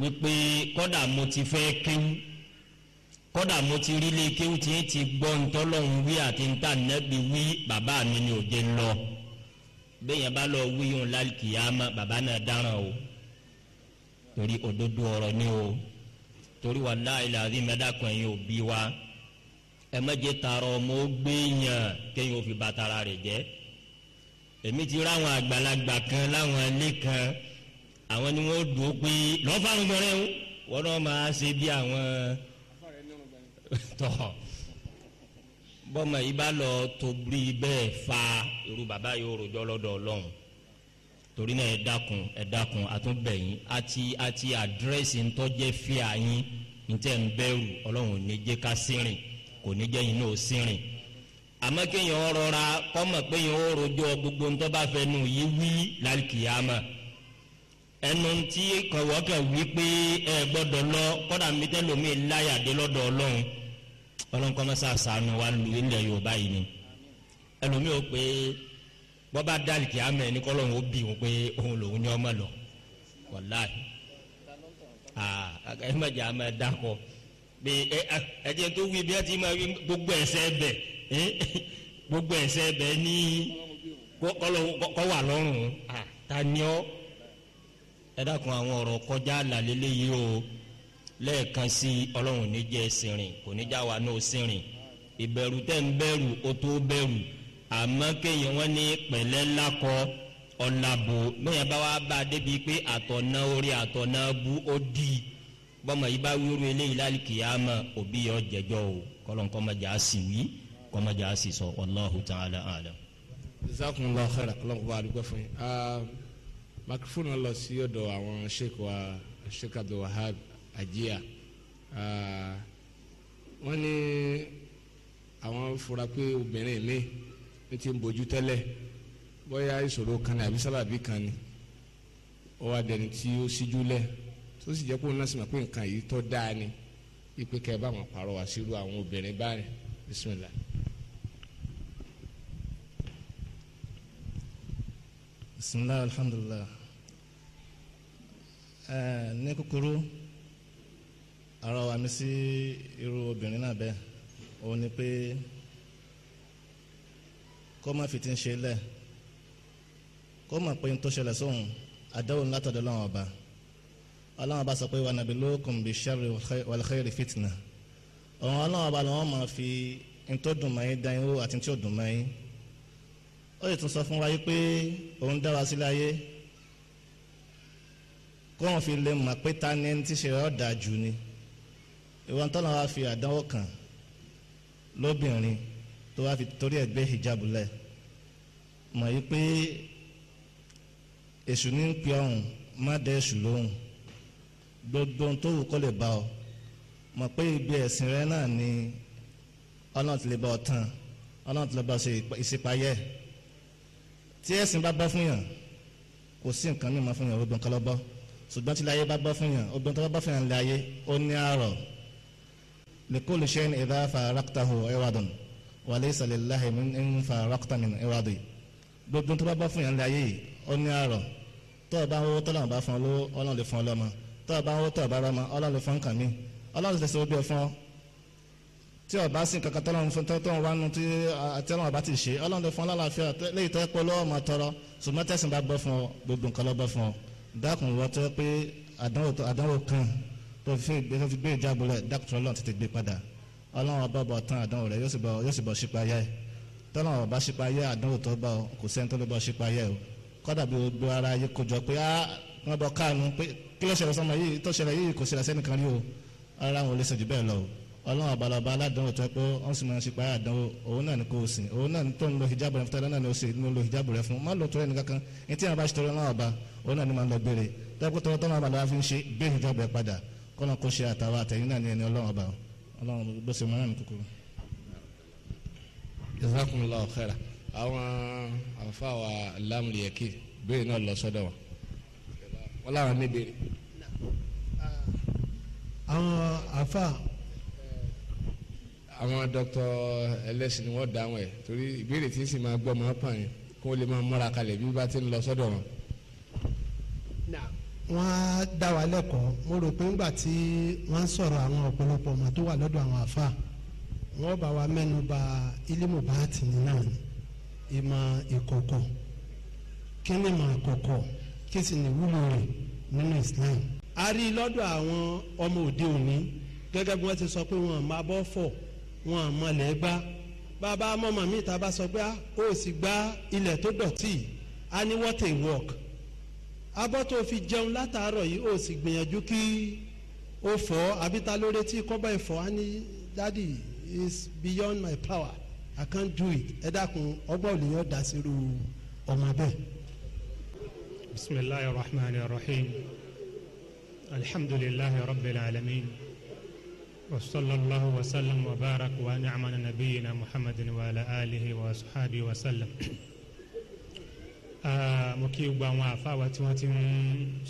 wípé kọ́dà mo ti fẹ́ kéwú kọ́dà mo ti rí ilé kéwú tí ń ti gbọ́ ntọ́lọ́run wí àti ntà nẹ́bi wí bàbá mi ni òde lọ bẹ́ẹ̀ yẹn bá lọ wí yóò lálùkìyàmá bàbá náà dáràn o torí òdodo ọ̀rọ̀ ni o torí wàláhì làbí mẹ́dàkùn ẹ̀yin òbí wa ẹ mẹ́jẹ tààrọ̀ ọmọ ó gbé yàn kéyìn ó fi ba tara rẹ̀ jẹ́ èmi ti ráwọn àgbàlagbà kan láwọn ilé kan àwọn ni wọ́n dùn ó pé lọ́fàrún gbọ́rẹ́ o wọ́n náà máa ṣe bí àwọn tọ̀ bọ́mọ yìí lọ tó bí bẹ́ẹ̀ fa irú bàbá yìí rojọ́ lọ́dọ̀ ọlọ́run torí náà ẹ dákun ẹ dákun àtúnbẹ̀yìn àti àti àdírẹ́sì ńtọ́jẹ́ fíà yín ntẹ́ ń bẹ̀rù ọlọ́run ò ní jẹ́ ká sírìn kò ní jẹ́ yín náà sírìn àmọ́ kéèyàn rọra kọ́mọ̀ pé yẹn ó rojọ́ gbogbo ńtọ́ bá fẹ́ nù yí wí lálùkìyàmà ẹnu tí kọ̀wọ́kẹ̀ wí pé ẹ gbọ́dọ̀ lọ kọ́dà mi tẹ́lómi láyàdé lọ́dọ̀ ọlọ́run ọlọ́run kọ́mọ́sà sànù wa lu ilẹ̀ yorùbá yìí ni ẹlòmíì ó pé. bọ́ba dálìkì àmì ẹni kọ́ lọ́hùn ó wọ́n pé òun lòun ní ọmọ lọ wàláhì ẹ má jà má bí tó wí bí ẹ ti máa wí gbogbo ẹsẹ bẹ gbogbo ẹsẹ bẹ ní kọ́ wà lọ́rùn ta ni ọ́ ẹ dákun àwọn ọ̀rọ̀ kọjá làlélẹ́ yìí o lẹ́ẹ̀kan sí ọlọ́run kò wa ìbẹ̀rù àmọ́ kéèyàn wọn ní pẹ̀lẹ́ lakọ ọ̀làbò bẹ́ẹ̀ bá wá bá a débi pé àtọ̀nà orí àtọ̀nà bu ó di bọ́mọ yìí bá wíwúrú eléyìí lálùkìyàmọ̀ òbí yọ jẹjọ́ o kọ́lọ́n kọ́mọjà sì wí kọ́mọjà sì sọ Allahu ta'ala alam. jazakumullahu khairan kọ́lọ́n kó bá a dúpẹ́ fún yín. Ah, makifóònù lọ sí ọ̀dọ̀ àwọn sheikh wa sheikh Abdul Ajiya ah, wọ́n ní àwọn fura pé obìnrin mi. ní ti ń bójú tẹ́lẹ̀ bóyá ìṣòro kan ní àbí sábàbí kan ni ó wá dẹni tí ó síjú lẹ̀ tó sì jẹ́ pé òun náà sì mọ̀ pé nǹkan yìí tó dáa ni ipe kẹ́ ẹ bá wọn pàrọ̀ wá sírú àwọn obìnrin báyìí bisimilah. bisimilah alhamdulilah ẹẹ ní kúkúrú ara wa mi sí irú obìnrin náà bẹ́ẹ̀ òun ni pé. Pe kó má fi ti ń ṣe lẹ̀ kó mọ̀ pé n tó ṣẹlẹ̀ sóhun àdáwò ńlá tọ̀dọ̀ lọ́wọ́ ọba ọlọ́wọ́ ọba sọ pé wà nàbí lóòkùn bí sharri wal khairi fitna ọ̀hún ọlọ́wọ́ ọba lọ́wọ́ máa fi n tó dùn mọ́ yín dán yín wò àti n tí ò dùn mọ́ yín ó sì tún sọ fún wa yìí pé òun dá wa sílẹ̀ ayé kó wọn fi lè mọ̀ pé ta ni ẹni tí ṣe rẹ̀ ọ̀dà jù ni ìwọ̀n tọ́lọ́wọ́ fi àdánwò kàn lóbìnrin tó wá fi torí ẹ̀ gbé hijab lẹ̀ mọ̀ yí pé èṣù ní ń pè ọ̀hún má dẹ èṣù lóhùn gbogbo ohun tó wù kó lè bá ọ mọ̀ pé ibi ẹ̀sìn rẹ náà ni ọlọ́run ti lè bá ọ tán ọlọ́run ti lè bá ọ ṣe ìṣípayẹ́ tí ẹ̀sìn bá bọ́ fún yàn kò sí nǹkan mímọ́ fún yàn obìnrin kan lọ́bọ́ ṣùgbọ́n tí láyé bá bọ́ fún yàn obìnrin tó bá fún yàn láyé ó ní àárọ̀ lè kó lè ṣe ní ìdáfà rákítàhù ẹ̀wàdùn wàlẹ́ ìsàlẹ̀ láhẹ̀ ń fa rákútàmì ìwádìí gbogbo tó bá bá fún yàn lé ayé yìí ó ní àrọ̀ tó o bá ń wó tọ́lá bá fún ọ lówó ọlọ́run lè fún ọ lọ́mọ tó o bá ń wó tọ́ ọ bá rọ́mọ ọlọ́run lè fún ọ kàn mí ọlọ́run lè sọ bí ẹ fún ọ tí o bá sin kankan tọ́lọ́run fún tọ́tọ́ wa nù tí àti ọlọ́run bá ti ṣe ọlọ́run lè fún ọ lálàáfíà ọlọ́run ọba ọba tán àdánwò rẹ yóò sì bọ̀ ṣípayá ẹ tọ́lọ́run ọba ṣípayá àdánwò tó bá ọ kò sẹ́ni tó lè bọ̀ ṣípayá ẹ o kọ́dà bí gbogbo ara yìí kò jọ pé á ah, wọ́n bọ káànù pé kí ló ṣẹlẹ̀ sọmọ yìí tó ṣẹlẹ̀ yìí kò ṣẹlẹ̀ sẹ́ni kan rí o ara wọn ò lè ṣèjú bẹ́ẹ̀ lọ o ọlọ́run ọba ọba aládánwò tó pé wọ́n sì máa ṣípayá àdánwò òun náà ni kò sìn òun náà ni tó ń lo hijabu rẹ fún tẹ́lẹ̀ náà ni ó lo hijabu rẹ fún má lọ gbére tẹ́kùtọ́ tọ́lọ́run ọba ọlọ́run gbèsè mọ́ra ní kúkúrú. jazakumullahu khaira àwọn àfàwà lámùlẹ̀kì bẹ́ẹ̀ náà lọ sọ́dọ̀ wọn wọ́n láwọn níbèrè. àwọn àfà. àwọn dókítà ẹlẹ́sìn ni wọ́n dáhùn ẹ̀ torí ìbéèrè tí sì máa gbọ́ máa pààyàn kó lè máa múra kalẹ̀ bí bá ti ń lọ sọ́dọ̀ wọn wọ́n dá wa lẹ́kọ̀ọ́ mo rò pé ńgbà tí wọ́n ń sọ̀rọ̀ àwọn ọ̀pọ̀lọpọ̀ ọmọ tó wà lọ́dọ̀ àwọn àfa wọ́n bá wa mẹ́nu bà ilimu baati náà ni ìmọ̀ ìkọ̀kọ̀ kí ni ìmọ̀ ìkọ̀kọ̀ kí sì ni wúlò rẹ̀ nínú Islam. a rí i lọ́dọ̀ àwọn ọmọ òde òní gẹ́gẹ́ bí wọ́n ti sọ pé wọ́n máa bọ́ fọ̀ wọ́n mọ̀lẹ́ gbá bàbá mọ́mọ́ mi ta bá sọ pé ó ah, sì gbá ilẹ̀ tó dọ̀tí a ní what work abọ́ tó fi jẹun látàárọ̀ yìí ó sì gbìyànjú kí ó fọ́ àbí ta ló retí kọ́bá ìfọ́ á ní is beyond my power I can't do it ẹ dákun ọgbọ́n olùyàn dá sírú ọmọ bẹ́ẹ̀. bisimilahi rahman rahim alhamdulilahi rabbil alamin wasallallahu wasallam wa barak wa ni'ama nabiyina muhammadin wa ala alihi wa ashabihi wa sallam. Ah, mo kí gbogbo àwọn àfa wa tí wọ́n ti ń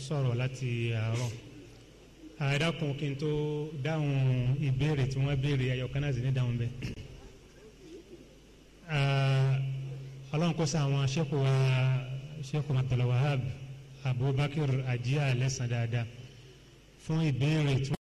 sọ̀rọ̀ láti àárọ̀ ah, ẹ dákun kí n tó dáhùn ìbéèrè tí wọ́n béèrè ayọ̀kan náà sì ní dáhùn bẹ́ẹ̀. Ah, ọlọ́run kó sa sẹ́kù wa sẹ́kù Abdul Abubakar Ajiya lẹ́sàn dáadáa fún ìbéèrè tí